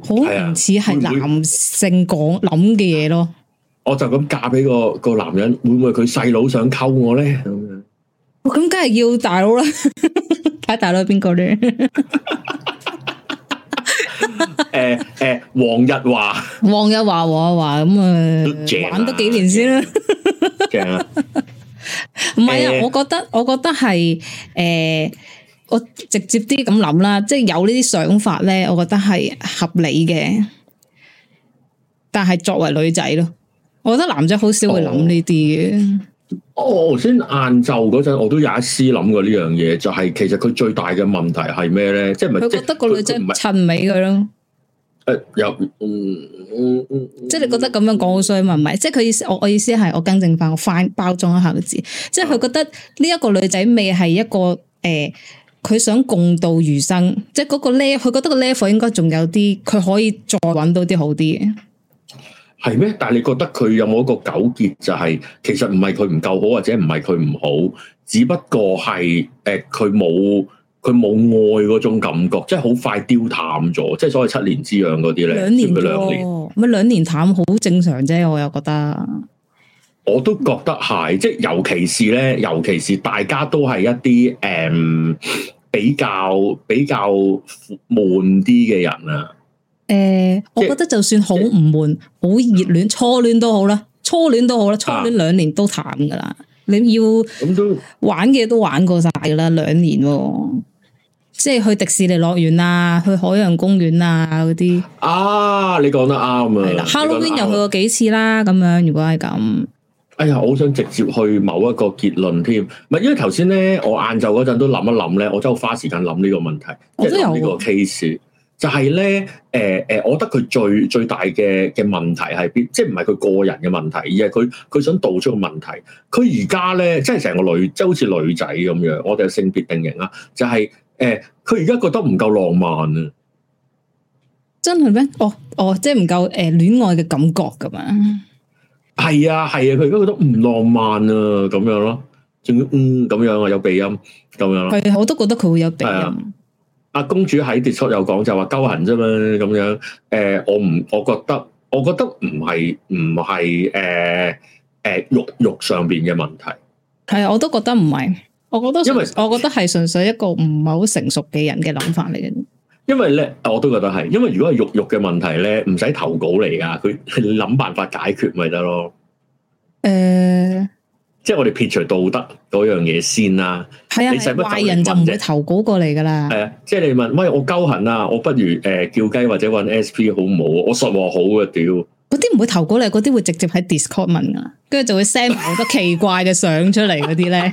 B: 好唔似係男性講諗嘅嘢咯。
A: 我就咁嫁俾個個男人，會唔會佢細佬想溝我咧？
B: 咁梗係要大佬啦，睇大佬邊個咧？
A: 誒誒、 呃呃，黃日華，
B: 黃日華話話咁啊，玩多幾年先啦，正啊！唔係啊，我覺得，我覺得係誒、呃，我直接啲咁諗啦，即、就、係、是、有呢啲想法咧，我覺得係合理嘅。但係作為女仔咯，我覺得男仔好少會諗呢啲嘅。哦
A: 我頭先晏晝嗰陣，我都有一絲諗過呢樣嘢，就係、是、其實佢最大嘅問題係咩咧？即係唔係佢覺得個女仔襯
B: 美佢咯。
A: 誒，有、呃，嗯嗯，嗯
B: 即係你覺得咁樣講好衰嘛？唔係，即係佢意思，我我意思係我更正翻，我翻包裝一下個字，即係佢覺得呢一個女仔未係一個誒，佢、呃、想共度餘生，即係嗰個 level，佢覺得個 level 應該仲有啲，佢可以再揾到啲好啲。嘅。
A: 係咩？但係你覺得佢有冇一個糾結？就係、是、其實唔係佢唔夠好，或者唔係佢唔好，只不過係誒佢冇佢冇愛嗰種感覺，即係好快丟淡咗，即係所謂七年之癢嗰啲咧，兩年咪兩
B: 年，年淡好正常啫，我又覺得
A: 我都覺得係，即係尤其是咧，尤其是大家都係一啲誒、嗯、比較比較悶啲嘅人啊。
B: 誒、欸，我覺得就算悶、欸、好唔悶，好熱戀、初戀都好啦，初戀都好啦，初戀兩年都淡噶啦。啊、你要玩嘅都玩過晒噶啦，兩年，即係去迪士尼樂園啊，去海洋公園啊嗰啲。
A: 啊，你講得啱啊係啦！Halloween 又去過
B: 幾次啦，咁樣。如果係咁，
A: 哎呀，好想直接去某一個結論添。係，因為頭先咧，我晏晝嗰陣都諗一諗咧，我真係花時間諗呢個問題，我都有呢個 case。就係咧，誒、呃、誒，我覺得佢最最大嘅嘅問題係邊？即係唔係佢個人嘅問題，而係佢佢想道出個問題。佢而家咧，即係成個女，即係好似女仔咁樣。我哋有性別定型啦，就係、是、誒，佢而家覺得唔夠浪漫啊！
B: 真係咩？哦哦，即係唔夠誒戀愛嘅感覺咁啊！
A: 係啊係啊，佢而家覺得唔浪漫啊，咁樣咯、啊，仲要嗯咁樣啊，有鼻音咁樣咯、啊。係
B: 我都覺得佢會有
A: 鼻音、啊。阿公主喺跌出有講就話勾痕啫嘛咁樣，誒、呃，我唔，我覺得，我覺得唔係，唔、呃、係，誒，誒，肉肉上邊嘅問題。
B: 係啊，我都覺得唔係，我覺得，因為我覺得係純粹一個唔係好成熟嘅人嘅諗法嚟嘅，
A: 因為咧，我都覺得係，因為如果係肉肉嘅問題咧，唔使投稿嚟㗎，佢諗辦法解決咪得咯，
B: 誒、呃。
A: 即係我哋撇除道德嗰樣嘢先啦，係啊，壞人就唔會
B: 投稿過嚟噶啦。
A: 係啊，即係你問，喂，我鳩痕啊，我不如誒叫雞或者揾 SP 好唔好？我實話好噶，屌！
B: 嗰啲唔會投稿，你嗰啲會直接喺 Discord 問噶，跟住就會 send 好多奇怪嘅相出嚟嗰啲咧，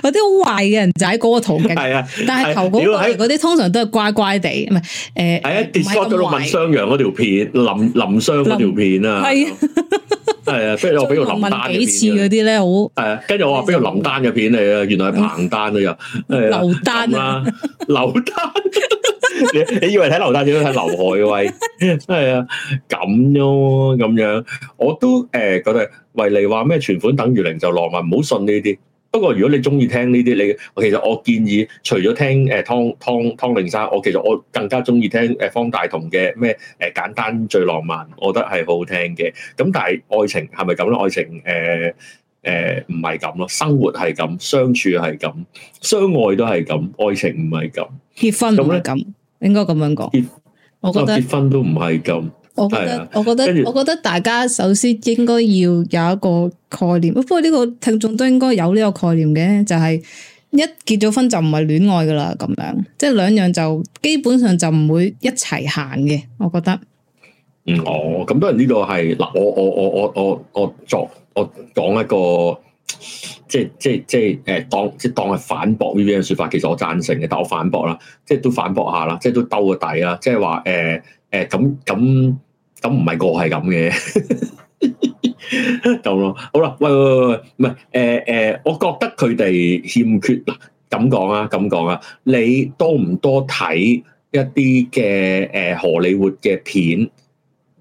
B: 嗰啲好壞嘅人就喺嗰個途徑，係啊，但係投稿嗰啲通常都係乖乖地，唔係誒喺 Discord 度問雙
A: 陽嗰條片，林林雙嗰條片啊。啊。係啊，不如我俾個林丹、丹片。中幾次嗰啲咧，好。係啊，跟住我話俾個林丹嘅片嚟啊，原來係彭丹啊又。劉丹啊，啊，劉丹。你以為睇劉丹先都睇劉海威？係啊， 咁咯，咁樣。我都誒、呃、覺得，維尼話咩存款等於零就浪漫，唔好信呢啲。不過，如果你中意聽呢啲，你其實我建議除，除咗聽誒湯湯湯令山，我其實我更加中意聽誒方大同嘅咩誒簡單最浪漫，我覺得係好好聽嘅。咁但係愛情係咪咁咧？愛情誒誒唔係咁咯，生活係咁，相處係咁，相愛都係咁，愛情唔係咁，結婚唔係咁，應該咁樣講。
B: 結我覺得結婚
A: 都唔係咁。我覺得，我覺得，著我覺得
B: 大家首先應該要有一個概念。不過呢個聽眾都應該有呢個概念嘅，就係、是、一結咗婚就唔係戀愛㗎喇，咁樣，即係兩樣就基本上就唔會一齊行嘅。我覺得，
A: 嗯，哦，咁當然呢個係嗱、呃，我我我我我我作我講一個，即係即係即係誒、呃，當即當係反駁呢啲嘅說法，其實我贊成嘅，但我反駁啦，即係都反駁下啦，即係都兜個底啦，即係話誒誒，咁咁。呃呃呃咁唔係個係咁嘅，咁咯。好啦，喂喂喂，唔係，誒誒、呃呃，我覺得佢哋欠缺啦。咁講啊，咁講啊，你多唔多睇一啲嘅誒，荷里活嘅片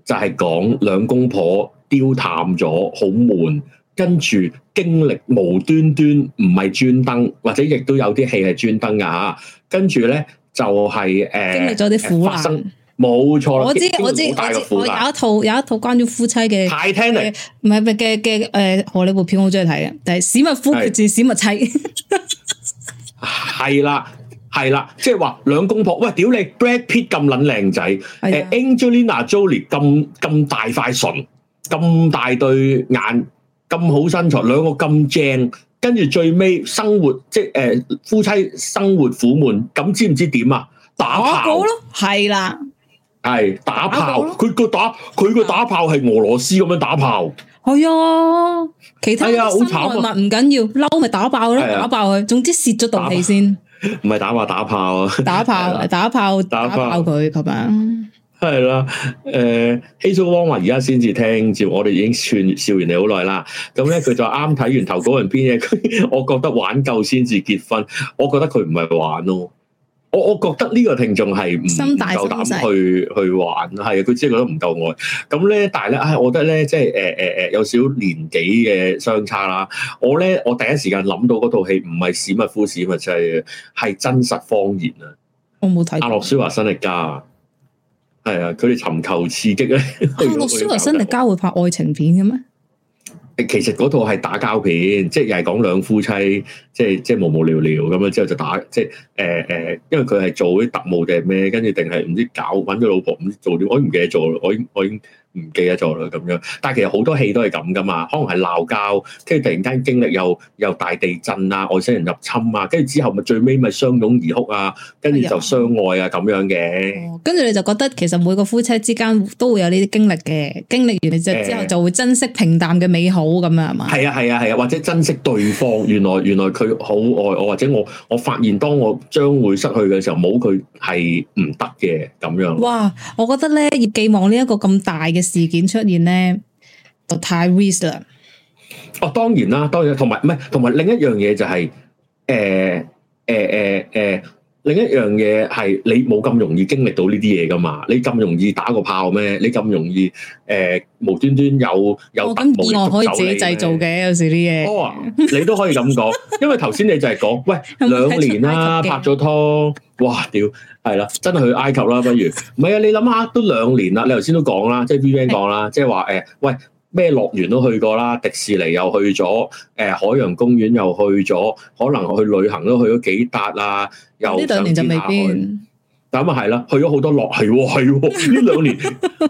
A: 就係、是、講兩公婆丟淡咗，好悶，跟住經歷無端端唔係專登，或者亦都有啲戲係專登㗎吓，跟住咧就係、是、誒、呃、經歷咗啲苦難。呃冇錯啦，我知我知，我，知我有一
B: 套有一套關於夫妻嘅，太唔係唔係嘅嘅誒荷里活片，我中意睇嘅，係是《史密夫妻》決戰 《史密妻》，
A: 係啦係啦，即係話兩公婆喂，屌你 Brad Pitt 咁撚靚仔，誒的、呃、Angelina Jolie 咁咁大塊唇，咁大對眼，咁好身材，兩個咁正，跟住最尾生活即係誒、呃、夫妻生活苦悶，咁知唔知點啊？打炮咯，係啦。係打炮，佢個打佢個打炮係俄羅斯咁樣打炮。
B: 係啊、哎，其他新外物唔緊要，嬲咪、哎啊、打爆咯的，打爆佢，總之泄咗毒氣先。
A: 唔係打話打炮啊，打炮，打
B: 炮，打爆佢咁樣。
A: 係啦，誒、嗯，希蘇旺話而家先至聽，照我哋已經串笑完你好耐啦。咁咧，佢就啱睇完投稿人篇嘢，我覺得玩夠先至結婚，我覺得佢唔係玩咯。我覺覺、哎、我覺得呢個聽眾係唔夠膽去去玩，係佢只係覺得唔夠愛。咁、呃、咧，但係咧，唉，我覺得咧，即係誒誒誒，有少年紀嘅相差啦。我咧，我第一時間諗到嗰套戲唔係史密夫史密就係係真實謊言啊！我冇睇。阿諾舒華辛力加啊，係啊，佢哋尋求刺激咧。阿諾舒華辛力
B: 加會拍愛情片嘅咩？
A: 其實嗰套係打交片，即係又係講兩夫妻，即係即係無無聊聊咁樣之後就打，即係誒誒，因為佢係做啲特務定係咩，跟住定係唔知搞揾咗老婆唔知做啲，我唔記得做啦，我已經我已經。唔記得咗啦咁樣，但係其實好多戲都係咁噶嘛，可能係鬧交，跟住突然間經歷又又大地震啊、外星人入侵啊，跟住之後咪最尾咪相擁而哭啊，跟住就相愛啊咁樣嘅。
B: 跟住、哎哦、你就覺得其實每個夫妻之間都會有呢啲經歷嘅，經歷完你之、之後就會珍惜平淡嘅美好咁樣係嘛？係、
A: 哎、係啊係啊係啊，或者珍惜對方，原來原來佢好愛我，或者我我發現當我將會失去嘅時候，冇佢係唔得嘅咁樣。哇！
B: 我覺得咧，業寄望呢一個咁大嘅。事件出現咧，就太 risk 啦。
A: 哦，當然啦，當然，同埋唔係，同埋另一樣嘢就係、是，誒誒誒誒。呃呃呃另一樣嘢係你冇咁容易經歷到呢啲嘢噶嘛？你咁容易打個炮咩？你咁容易誒、呃、無端端有有意外、哦嗯哦、可以自己製
B: 造嘅，有時啲嘢。
A: 你都可以咁講，因為頭先你就係講喂不兩年啦，拍咗拖，哇屌，係啦，真係去埃及啦，不如？唔係啊，你諗下都兩年啦，你頭先都講啦，即、就、係、是、VVN 講啦，即係話誒喂。咩樂園都去過啦，迪士尼又去咗，誒海洋公園又去咗，可能我去旅行都去咗幾笪啊，又呢兩年就未變。但咁啊係啦，去咗好多樂園喎，係呢兩年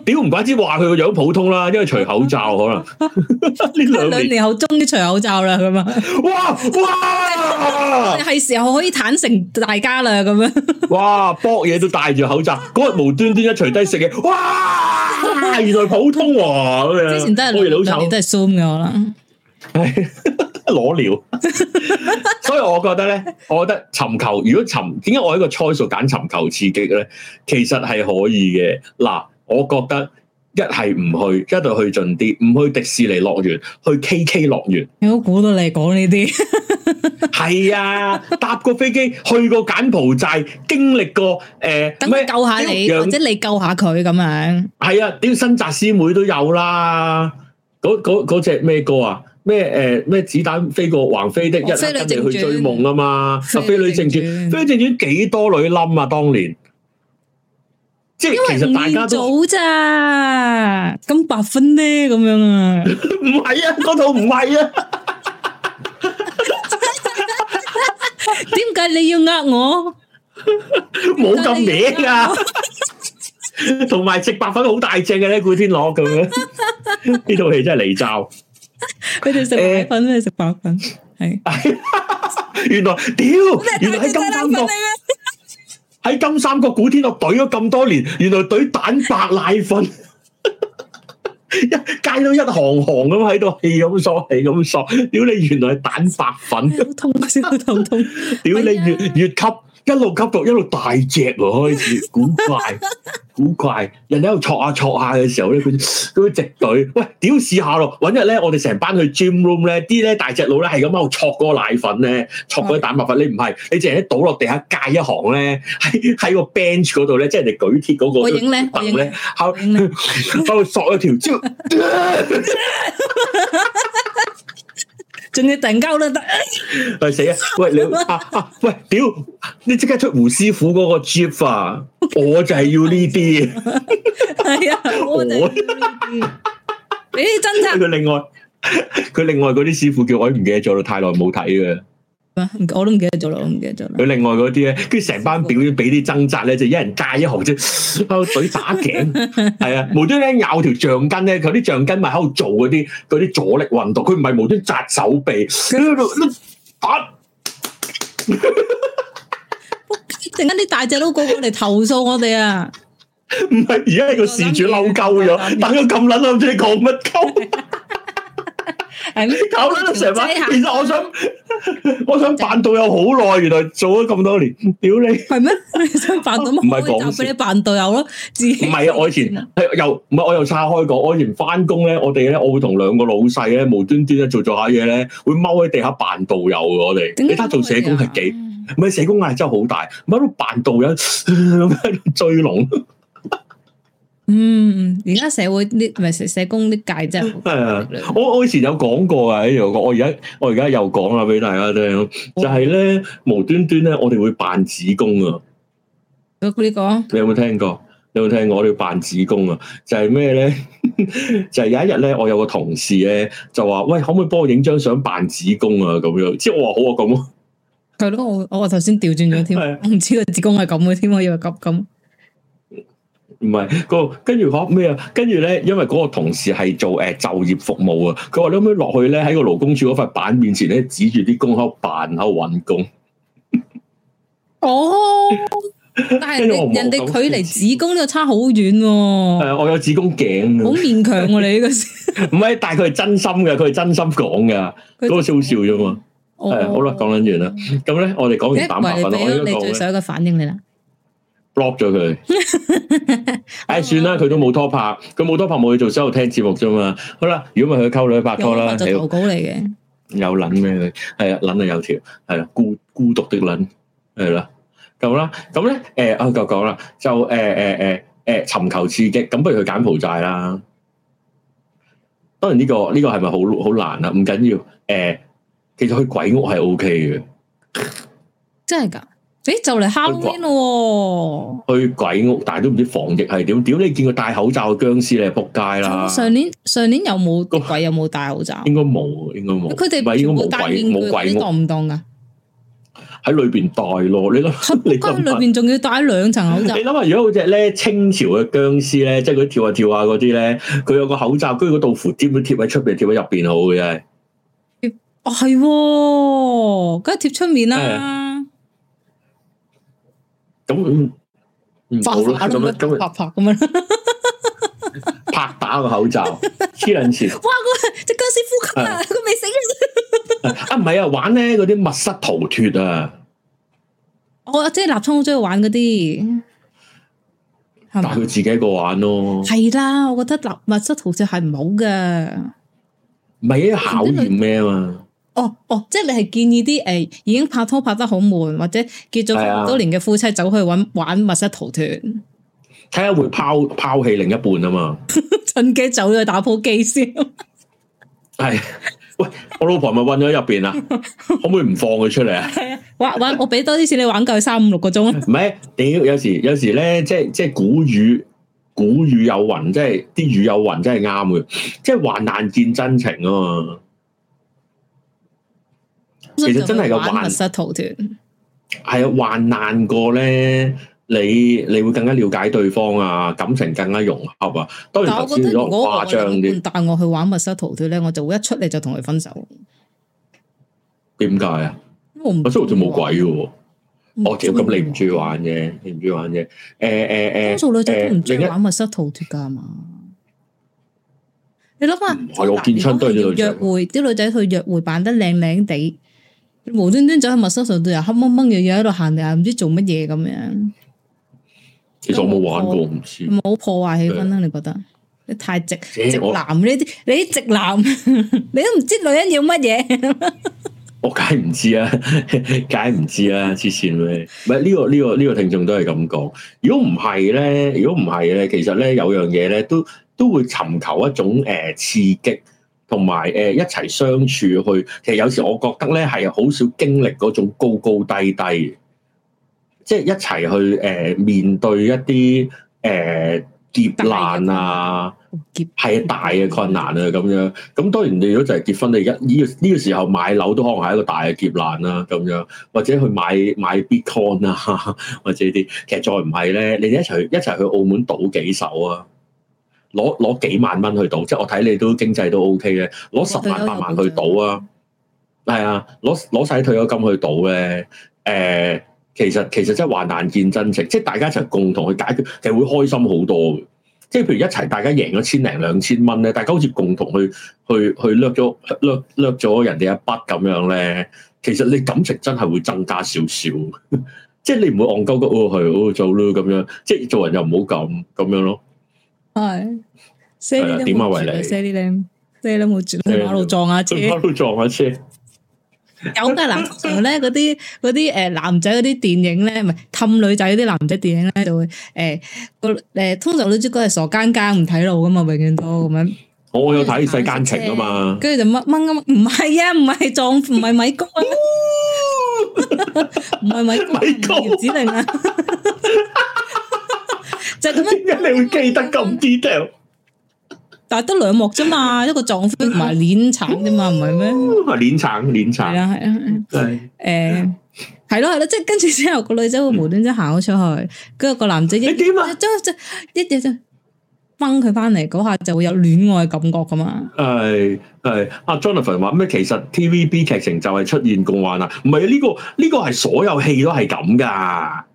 A: 屌，唔怪之話佢個樣普通啦，因為除口罩可能呢兩年
B: 後終於除口罩啦咁啊，哇哇！係時候可以坦誠大家啦
A: 咁樣。哇，剝嘢都戴住口罩，嗰日無端端一除低食嘢，哇！
B: 啊！原來普通話咁樣，之前都係攞料，都係騷咗我覺得
A: 攞料。所以我覺得咧，我覺得尋求，如果尋，點解我喺個菜數揀尋求刺激咧？其實係可以嘅。嗱，我覺得一係唔去，一就去盡啲，唔去迪士尼樂園，去 KK 樂園。你好估到你講呢啲？ 係 啊，搭過飛機，去過柬埔寨，經歷過誒，呃、等佢救下你，或者你
B: 救下佢咁樣。
A: 係啊，點新澤師妹都有啦。嗰嗰隻咩歌啊？咩誒咩？呃、子彈飛過橫飛的，一係跟住去追夢啊嘛。十飛女正傳，飛女正傳幾多女冧啊？當年即係因為 其實大家都早
B: 咋，咁八分呢？咁樣 啊？唔係啊，嗰套唔係啊。但係你要呃我，
A: 冇咁野噶，同埋食白粉好大隻嘅咧，古天樂咁樣，呢套戲真係離罩。佢哋食奶粉定係食白粉？係，原來屌，原來喺金三角，喺金三角古天樂隊咗咁多年，原來隊蛋白奶粉。一 街都一行行咁喺度，係咁索，係咁索。屌你，原來係蛋白粉。好痛啊！好頭痛。屌你，越越級。一路吸毒一路大隻，開始古怪古怪，人喺度戳下戳下嘅時候咧，佢佢直隊喂屌試下咯，搵日咧我哋成班去 gym room 咧，啲咧大隻佬咧係咁喺度戳嗰個奶粉咧，戳嗰啲蛋白粉，你唔係你淨係喺倒落地下界一行咧，喺喺個 bench 嗰度咧，即係人哋舉鐵嗰個，我影咧，我影咧，喺喺度戳一條蕉。
B: 仲要突然交啦得，
A: 係死喂啊，啊！喂你喂屌，你即刻出胡師傅嗰個 GIF 啊！我就係要呢啲，係啊、 哎，我誒我呢、 哎、真係佢另外佢另外嗰啲師傅叫我唔記得咗啦，太耐冇睇嘅。
B: 我都唔記得咗啦，我唔記得咗啦。
A: 佢另外嗰啲咧，跟住成班表妹俾啲掙扎咧，就一人加一毫啫，喺度懟打頸，係啊，無端端咬條橡筋咧，佢啲橡筋咪喺度做嗰啲啲阻力運動，佢唔係無端端扎手臂，喺度甩。
B: 突然間啲大隻佬個個嚟投訴我哋啊！
A: 唔係、 啊，而家係個事主嬲鳩咗，邊等佢撳撚佢講乜鳩。邊 誒，搞到你成班，其實我想， 我想扮導遊好耐，原來做咗咁多年，屌你，係咩是嗎？ 你想扮導遊，唔係講事，俾你扮導遊咯，自己唔係啊！我以前 又唔係，我又岔開講，我以前返工咧，我哋咧，我會同兩個老細咧，無端端咧做做下嘢咧，會踎喺地下扮導遊，我哋。個你睇做社工係幾？唔係 社工壓力真係好大，咪喺度扮導遊咁樣追龍。
B: 嗯，而家社會呢，唔係社社工啲界啫。係
A: 啊！我我以前有講過啊，呢樣我而家我而家又講啦，俾大家聽，哦、就係咧無端端咧，我哋會扮子宮啊！
B: 你呢個？
A: 你有冇聽過？有冇聽過我哋扮子宮啊？就係咩咧？ 就係有一日咧，我有個同事咧就話：喂，可唔可以幫我影張相扮子宮啊？咁樣即係我話好啊，咁咯。
B: 係咯，我我頭先調轉咗添，我唔對知個子宮係咁嘅添，對我以為急咁。
A: 唔係、那個，跟住學咩啊？跟住咧，因為嗰個同事係做誒、呃、就業服務啊，佢話咧可唔可以落去咧喺個勞工處嗰塊板面前咧，指住啲公口扮喺度搵工。
B: 哦，但係人哋 距離子宮呢個差好遠喎。係
A: 啊、嗯，我有子宮頸。好勉強喎，你呢個時。唔係，但係佢係真心嘅，佢係真心講噶，嗰個笑笑啫嘛。係，好啦，講緊完啦。咁咧，我哋講完蛋白粉，我呢個。喂，俾你最想
B: 嘅反應你啦。
A: lock 咗佢， 哎，算啦，佢都冇拖拍，佢冇拖拍冇去做，收係聽節目啫嘛。好啦，如果唔係佢溝女拍拖啦、呃，就投稿嚟嘅，有捻咩？係啊，捻啊有條，係啦孤孤獨的捻，係啦咁啦。咁咧，誒，我就講啦，就誒誒誒誒，尋、呃呃呃呃、求刺激，咁不如去柬埔寨啦。當然呢、這個呢、這個係咪好好難啊？唔緊要，誒、呃，其實去鬼屋係 OK 嘅， 真
B: 係噶。誒，就嚟 Halloween 咯，啊、
A: 去鬼屋，但係都唔知防疫係點。點你見佢戴口罩嘅僵屍咧，撲街啦！上、
B: 嗯、年上年有冇個鬼有冇戴口罩？應該
A: 冇，應該冇。佢哋鬼冇鬼，冇鬼當唔當噶？喺裏邊戴咯，你諗你咁，裏邊
B: 仲要戴兩層口罩。
A: 你諗下，如果嗰隻咧清朝嘅僵屍咧，即係佢跳下跳下嗰啲咧，佢有個口罩，跟住個道符粘都貼喺出邊，貼喺入邊好嘅係。哦，
B: 係，梗係貼出面啦。嗯
A: 咁唔好啦，咁樣咁樣拍拍咁樣拍打個口罩黐兩次，
B: 哇！個隻僵屍呼吸啊，佢未死啊！
A: 啊，唔係啊，玩咧嗰啲密室逃脫啊！
B: 我即係立倉，好中意玩嗰啲，
A: 但係佢自己一個玩咯。係
B: 啦，我覺得立密室逃脫係唔好噶，
A: 咪啲考驗咩啊嘛？
B: 哦哦，即係你係建議啲誒、哎，已經拍拖拍得好悶，或者結咗咁多年嘅夫妻，走去玩，玩密室逃脫，
A: 睇下會拋拋棄另一半啊嘛，
B: 趁機 走咗去打鋪機先。
A: 係、 哎，喂，我老婆咪困咗入邊啊？可唔可以唔放佢出嚟
B: 啊？玩玩，我俾多啲錢 你玩夠三五六個鐘啊？
A: 唔係，屌，有時有時咧，即係即係古語古語，語有云，即係啲語有云，真係啱嘅，即係患難見真情啊嘛。難道難道其實真係個玩密室逃脫，係啊，患難過咧，你你會更加了解對方啊，感情更加融合，係嘛？當然，我覺得我誇張啲，
B: 帶我去玩密室逃脱咧，我就會一出嚟就同佢分手。
A: 點解啊？密室逃脱冇鬼嘅，哦，只係咁你唔中意玩啫，你唔中意玩啫。誒誒誒，多數女仔都唔中意玩密
B: 室逃脱噶嘛？你諗下，我見親都係啲女仔約會啲女仔去約會扮得靚靚哋。無端端走喺密室上度又黑掹掹又又喺度行啊唔知做乜嘢咁樣。
A: 其實我冇玩過，唔知。冇破壞氣氛啦、啊，是的
B: 你覺得？你太直直男呢啲，你啲、欸、直男，我 你都唔 知女人要乜嘢。
A: 我梗係唔知啦，梗係唔知啦，黐線咩？唔係呢個呢、這個呢、這個這個聽眾都係咁講。如果唔係咧，如果唔係咧，其實咧有樣嘢咧都都,都會尋求一種誒刺激。同埋誒一齊相處去，其實有時我覺得咧係好少經歷嗰種高高低低，即係一齊去誒、呃、面對一啲誒、呃、劫難啊，係大嘅困難啊咁樣。咁當然你如果就係結婚，你而家呢個呢個時候買樓都可能係一個大嘅劫難啦咁樣，或者去買買 Bitcoin 啊，或者啲。其實再唔係咧，你哋一齊一齊去澳門賭幾手啊！攞攞幾萬蚊去賭，即係我睇你都經濟都 OK 嘅。攞十萬八萬去賭啊，係啊，攞攞晒退休金去賭咧，誒，其實其實即係話患難見真情，即係大家一齊共同去解決，其實會開心好多嘅。即係譬如一齊大家贏咗千零兩千蚊咧，大家好似共同去去去掠咗掠掠咗人哋一筆咁樣咧，其實你感情真係會增加少少，即係你唔會戇鳩鳩係哦走咯咁樣，即係做人又唔好咁咁樣咯。
B: 係，車點啊？為你，車啲靚，車都冇，喺馬路撞下車，喺馬路撞下車，有噶啦。通常咧，嗰啲嗰啲誒男仔嗰啲電影咧，唔係氹女仔嗰啲男仔電影咧，就會誒個誒通常都知佢係傻更更唔睇路噶嘛，永遠都咁樣。
A: 我有睇《世間情》啊嘛，跟住
B: 就掹掹啊，唔係啊，唔係撞，唔係米高啊，唔係米米高葉子玲啊。就咁樣，點解你會記得咁 detail？ 但係得兩幕啫嘛， 一個撞飛同埋戀橙啫嘛，唔係咩？
A: 係戀橙，戀橙，係啊、 哎，係啊，
B: 係。誒，係咯，係咯，即係跟住之後個女仔會無端端行咗出去，跟住、嗯、個男仔，你點啊？John，即係一點即係掹佢翻嚟嗰下就會有戀愛嘅感覺噶嘛？
A: 係係阿 Jonathan 話咩？其實 TVB 劇情就係出現共患啊，唔係啊？呢、這個呢、這個係、這個這個、所有戲都係咁噶。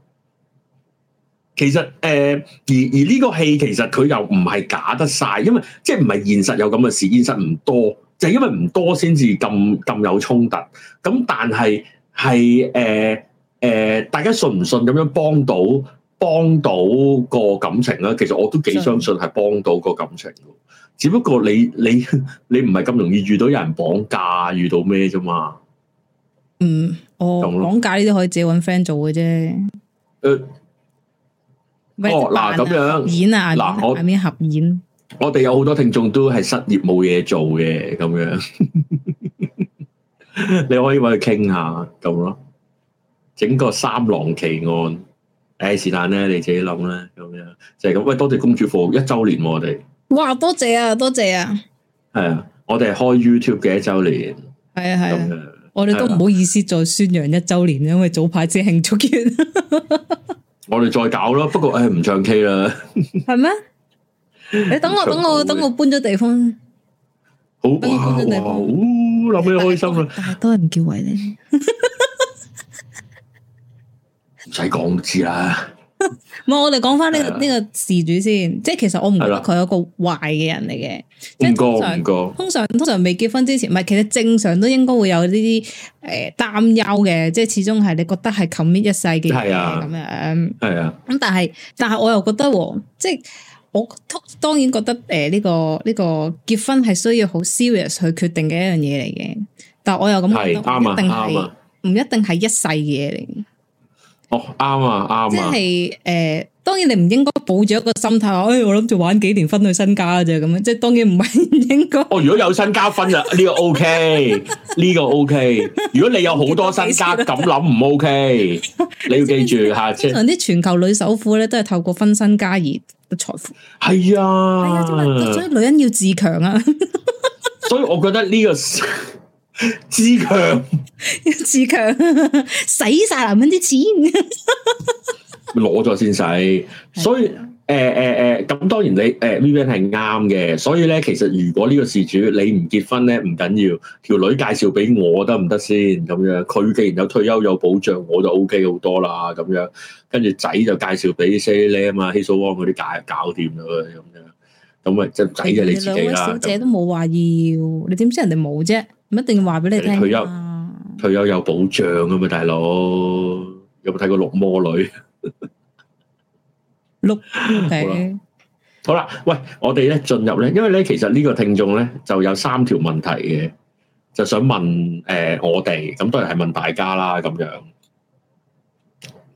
A: 其實誒、呃，而而呢個戲其實佢又唔係假得晒，因為即係唔係現實有咁嘅事，現實唔多，就係因為唔多先至咁咁有衝突。咁但係係誒誒，大家信唔信咁樣幫到幫到個感情咧？其實我都幾相信係幫到個感情，只不過你你你唔係咁容易遇到有人綁架，遇到咩啫嘛？
B: 嗯，我綁架呢啲可以自己搵 friend 做嘅啫。
A: 哦，嗱咁樣演啊，嗱、啊、我下面合演，我哋有好多聽眾都係失業冇嘢做嘅，咁樣 你可以搵佢傾下咁咯。整個三狼奇案，誒、欸，是但咧你自己諗啦，咁樣就係、是、咁。喂，多謝公主課一周年，我哋
B: 哇，多謝啊，多謝啊，
A: 係啊，我哋係開 YouTube 嘅一周年，係
B: 啊係啊，我哋都唔好意思再宣揚一周年，因為早排先慶祝完。
A: 我哋再搞咯，不過誒唔唱 K 啦，
B: 係咩嗎？你、 欸、等我，等我，等我搬咗地方。
A: 好哇，好諗起開心啦。但係都係唔叫為你，唔使講知啦。
B: 唔係， 我哋講翻呢個呢個事主先，即係其實我唔覺得佢係一個壞嘅人嚟嘅。唔覺過通常，過通，常通常未結婚之前，唔係其實正常都應該會有呢啲誒擔憂嘅，即係始終係你覺得係 commit 一世嘅嘢咁樣。係啊，咁、啊、但係但係我又覺得、哦、即係我當然覺得誒呢、呃這個呢、這個結婚係需要好 serious 去決定嘅一樣嘢嚟嘅，但係我又咁覺得，啊、一定係唔、啊啊、一定係一世嘅嘢嚟。
A: 啱、哦、啊，啱啊，即係
B: 誒、呃，當然你唔應該保住一個心態，誒、哎，我諗住玩幾年分去身家嘅啫，咁樣，即係當然唔係唔應
A: 該。哦，如果有身家分啊，呢 個 O K，呢個 O K。如果你有好多身家咁諗唔 O K，你要記住吓。 通常
B: 啲全球女首富咧都係透過分身家而得財富。
A: 係啊，係啊，所以
B: 女人要自強啊。
A: 所以我覺得呢、這個。 自強，
B: 自強，使晒男人啲錢，
A: 攞咗先使。所以，誒誒誒，咁、呃呃呃、當然你，誒，VVN 係啱嘅。所以咧，其實如果呢個事主你唔結婚咧，唔緊要，條女介紹俾我得唔得先？咁樣，佢既然有退休有保障，我就 OK 好多啦。咁樣，跟住仔就介紹俾 say 咧啊，He So Wong 嗰啲大搞掂咗，咁樣，咁啊，即係仔就你自己啦。小姐
B: 都冇話要， 你點知人哋冇啫？唔一定話俾你聽、啊、退
A: 休退休有保障㗎嘛，大佬有冇睇過《六魔女》 六？
B: 六、okay. 好啦，
A: 好啦，喂，我哋咧進入咧，因為咧，其實呢個聽眾咧就有三條問題嘅，就想問誒、呃、我哋咁當然係問大家啦。咁樣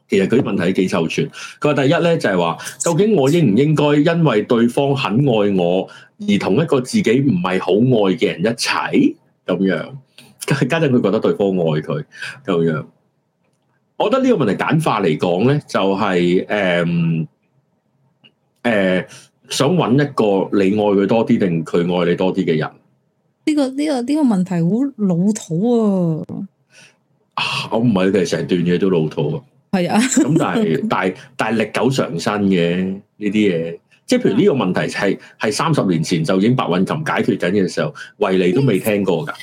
A: 其實佢啲問題幾周全。佢話第一咧就係、是、話，究竟我應唔應該因為對方很愛我而同一個自己唔係好愛嘅人一齊？咁樣，家陣佢覺得對方愛佢咁樣。我覺得呢個問題簡化嚟講咧，就係誒誒，想揾一個你愛佢多啲定佢愛你多啲嘅人。
B: 呢個呢個呢個問題好老土啊！
A: 啊我唔係佢成段嘢都老土啊。
B: 係啊。咁 但係
A: 但係但係歷久常新嘅呢啲嘢。即係譬如呢個問題係係三十年前就已經白韻琴解決緊嘅時候，維尼都未聽過噶，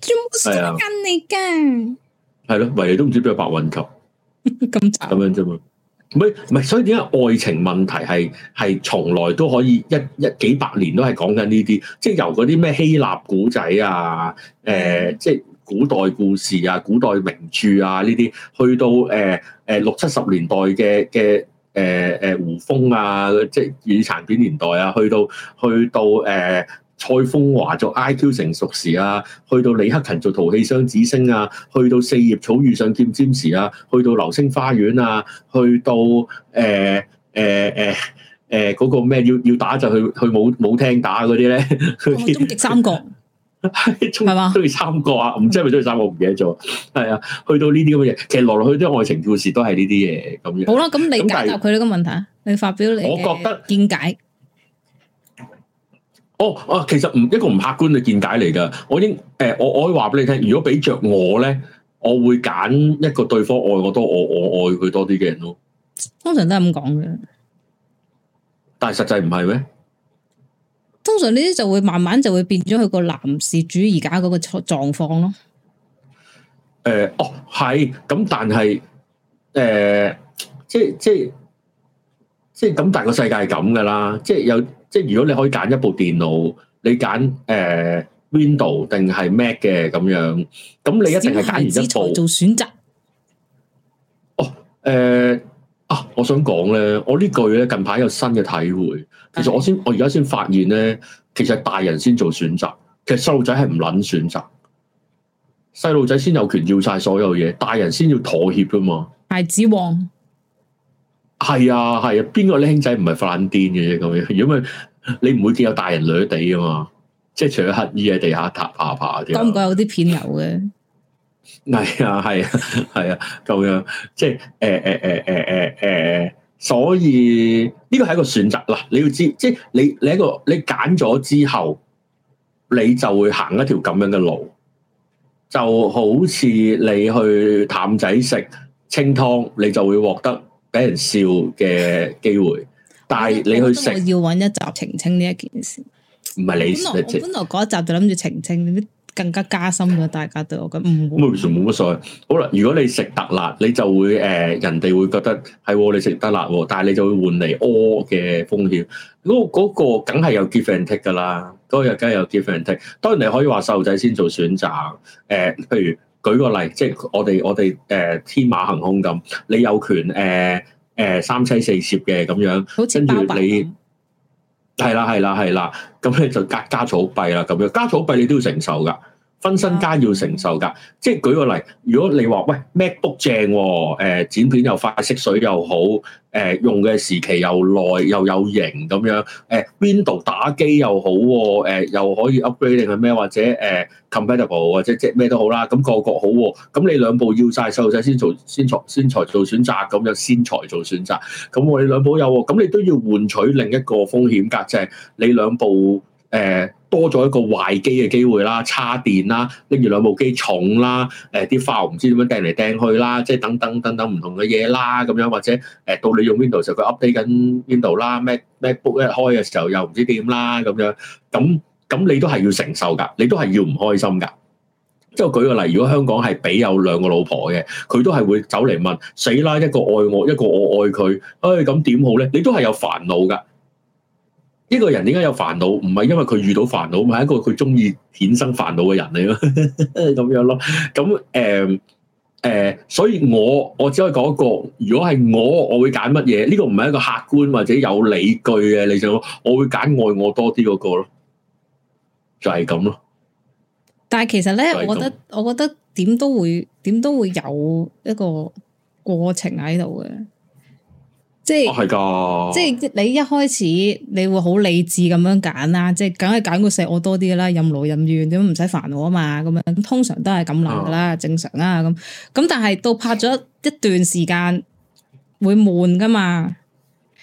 A: 仲唔識
B: 人嚟噶？
A: 係咯、啊，維尼都唔知邊個白韻琴咁咋咁樣啫嘛？唔係唔係，所以點解愛情問題係係從來都可以一一幾百年都係講緊呢啲，即係由嗰啲咩希臘古仔啊，誒、呃，即係古代故事啊、古代名著啊呢啲，去到誒誒、呃呃、六七十年代嘅嘅。誒誒、呃呃、胡楓啊，即係粵殘片年代啊，去到去到誒、呃、蔡楓華做 IQ 成熟時啊，去到李克勤做淘氣雙子星啊，去到四葉草遇上劍尖時啊，去到流星花園啊，去到誒誒誒誒嗰個咩要要打就去去舞舞廳打嗰啲咧， 哦、終極三國。係嘛？都要三個啊？唔知係咪都要三個？唔記得咗。係 啊，去到呢啲咁嘅嘢，其實來來去啲愛情故事都係呢啲嘢咁樣。好啦，
B: 咁你解答佢呢個問題，是你發表你見我覺得見解。
A: 哦哦、啊，其實唔一個唔客觀嘅見解嚟噶。我應誒、呃，我我可以話俾你聽，如果俾着我咧，我會揀一個對方愛我多，我我，我愛佢多啲嘅人
B: 咯。通常都係咁講嘅，
A: 但係實際唔係咩？
B: 通常呢啲就會慢慢就會變咗佢個男事主而家嗰個狀況咯。
A: 誒、呃，哦，係，咁但係，誒、呃，即係即係即係咁，大個世界係咁噶啦，即係有即係如果你可以揀一部電腦，你揀誒 Windows 定係 Mac 嘅咁樣，咁你一定係揀而一做選擇。哦，誒、呃。啊！我想講咧，我呢句咧近排有新嘅體會。其實我先，我而家先發現咧，其實大人先做選擇，其實細路仔係唔撚選擇，細路仔先有權要晒所有嘢，大人先要妥協噶嘛。
B: 孩子王，
A: 係啊，係啊，邊個僆仔唔係犯癲嘅啫咁樣？如果咪你唔會見有大人舐地噶嘛？即係除咗乞兒喺地下爬爬爬啲。都唔
B: 怪有啲片友嘅。
A: 係 啊，係啊，係啊，咁樣，即係誒誒誒誒誒，所以呢個係一個選擇啦，你要知，即係你你一個你揀咗之後，你就會行一條咁樣嘅路，就好似你去譚仔食清湯，你就會獲得俾人笑嘅機會，但係你去食要
B: 搵一集澄清呢一件事，唔係是你本來嗰一集就諗住澄清。更加加深嘅，大家對我咁唔完全冇
A: 乜所謂。好啦，如果你食特辣，你就會誒、呃，人哋會覺得係、哦、你食得辣、哦，但係你就會換嚟屙嘅風險。嗰、那、嗰個梗係、那個、有 give and take 噶啦，嗰、那個又梗係有 give and take。當然你可以話細路仔先做選擇。誒、呃，譬如舉個例，即係我哋我哋誒、呃、天馬行空咁，你有權誒誒、呃呃、三妻四妾嘅咁樣，跟住你。係啦，係啦，係啦，咁你就加加草幣啦，咁樣加草幣你都要承受㗎。分身家要承受㗎，即係舉個例，如果你話喂 MacBook 正喎、哦呃，剪片又快，色水又好，誒、呃、用嘅時期又耐，又有型咁樣，誒、呃、Window 打機又好、哦，誒、呃、又可以 upgrade 定係咩，或者誒、呃、compatible 或者即係咩都好啦，咁個個好、哦，咁你兩部要晒，細路仔先做先才先才做選擇，咁就先才做選擇，咁我哋兩部有、哦，咁你都要換取另一個風險㗎，就係、是、你兩部。誒、呃、多咗一個壞機嘅機會啦，叉電啦，拎住兩部機重啦，誒啲 file 唔知點樣掟嚟掟去啦，即係等等等等唔同嘅嘢啦，咁樣或者誒、呃、到你用 Windows 時候佢 update 緊 Windows 啦，MacBook 一開嘅時候又唔知點啦，咁樣咁咁你都係要承受㗎，你都係要唔開心㗎。即係我舉個例，如果香港係俾有兩個老婆嘅，佢都係會走嚟問：死啦，一個愛我，一個我愛佢，誒咁點好咧？你都係有煩惱㗎。一個人點解有煩惱？唔係因為佢遇到煩惱，係一個佢中意衍生煩惱嘅人嚟咯，咁 樣咯。咁誒誒，所以我我只可以講一個，如果係我，我會揀乜嘢？呢個唔係一個客觀或者有理據嘅，你就我會揀愛我多啲嗰個咯，就係咁咯。
B: 但係其實咧，我覺得我覺得點都會點都會有一個過程喺度嘅。即係，哦、即係你一開始你會好理智咁樣揀啦，即係梗係揀個錫我多啲啦，任勞任怨，點唔使煩我啊嘛，咁樣通常都係咁諗噶啦，啊、正常啦、啊。咁。咁但係到拍咗一段時間會悶噶嘛，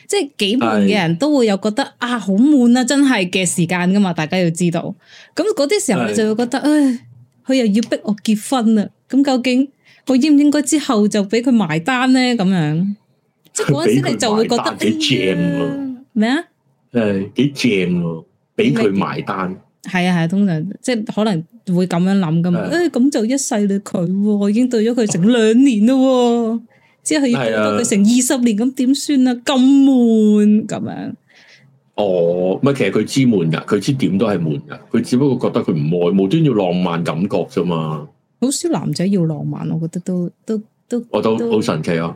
B: 即係幾悶嘅人都會有覺得是啊好悶啊，真係嘅時間噶嘛，大家要知道。咁嗰啲時候你就會覺得，是唉，佢又要逼我結婚啦，咁究竟我應唔應該之後就俾佢埋單咧？咁樣。
A: 即係嗰時你就會覺得，幾正咯。咩啊？誒，幾正咯，俾佢埋單。
B: 係啊係啊，通常即係可能會咁樣諗噶嘛。誒，咁就一世嘞，佢我已經對咗佢成兩年咯，即係要對佢成二十年，咁點算啊？咁悶咁樣。
A: 哦，唔係，其實佢知悶噶，佢知點都係悶噶，佢只不過覺得佢唔愛，無端要浪漫感覺啫嘛。
B: 好少男仔要浪漫，我覺得都都都，
A: 我都好神奇啊。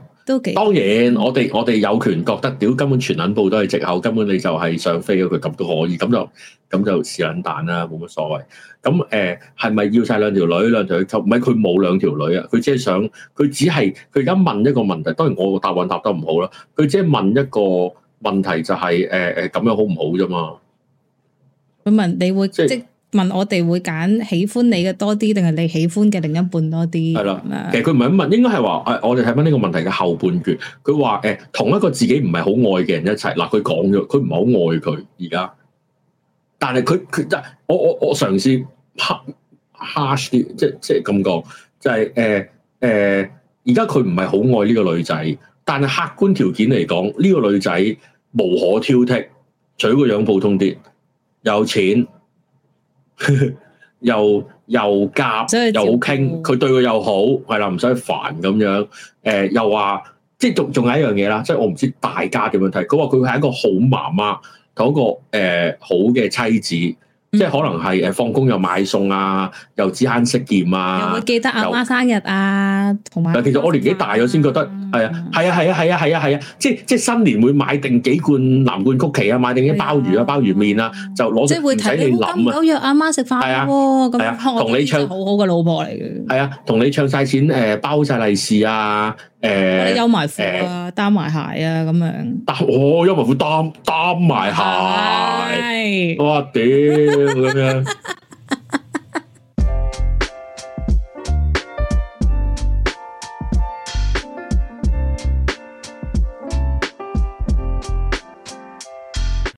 A: 當然，我哋我哋有權覺得屌根本全撚部都係藉口，根本你就係想飛咗。佢咁都可以咁就咁就試撚彈啦，冇乜所謂。咁誒係咪要晒兩條女兩條女？唔係佢冇兩條女啊，佢只係想佢只係佢而家問一個問題。當然我答案答得唔好啦。佢只係問一個問題，就係誒誒咁樣好唔好啫嘛？
B: 佢問你會即？問我哋會揀喜歡你嘅多啲，定係你喜歡嘅另一半多啲？係啦，
A: 其實佢唔係咁問，應該係話誒，我哋睇返呢個問題嘅後半段，佢話誒，同一個自己唔係好愛嘅人一齊，嗱佢講咗，佢唔係好愛佢而家，但係佢佢即係我我我嘗試 harsh 啲，即即係咁講，就係誒誒，而家佢唔係好愛呢個女仔，但係客觀條件嚟講，呢、呢個女仔無可挑剔，除個樣普通啲，有錢。 又又夾又好傾，佢、嗯、對佢又好，係啦，唔使煩咁樣。誒、呃，又話即係仲仲有一樣嘢啦，即係我唔知大家點樣睇。佢話佢係一個好媽媽，同一個誒、呃、好嘅妻子。即係可能係誒，放工又買餸啊，又只慳識儉啊，又會記得阿媽
B: 生日啊，同埋。但其
A: 實我年紀大咗先覺得，係啊，係啊，係啊，係啊，係啊，即係即係新年會買定幾罐藍罐曲奇啊，買定啲鮑魚啊，鮑魚麵啊，就攞即係會睇你諗啊，
B: 約阿媽食飯係啊，咁同你唱
A: 好好嘅老婆嚟嘅，係啊，同你唱晒錢誒，包晒利是啊。誒，悠埋褲啊，
B: 擔埋、哦欸、鞋啊，咁樣。擔我
A: 悠埋褲，擔擔埋鞋。 哇！屌、啊，咁樣。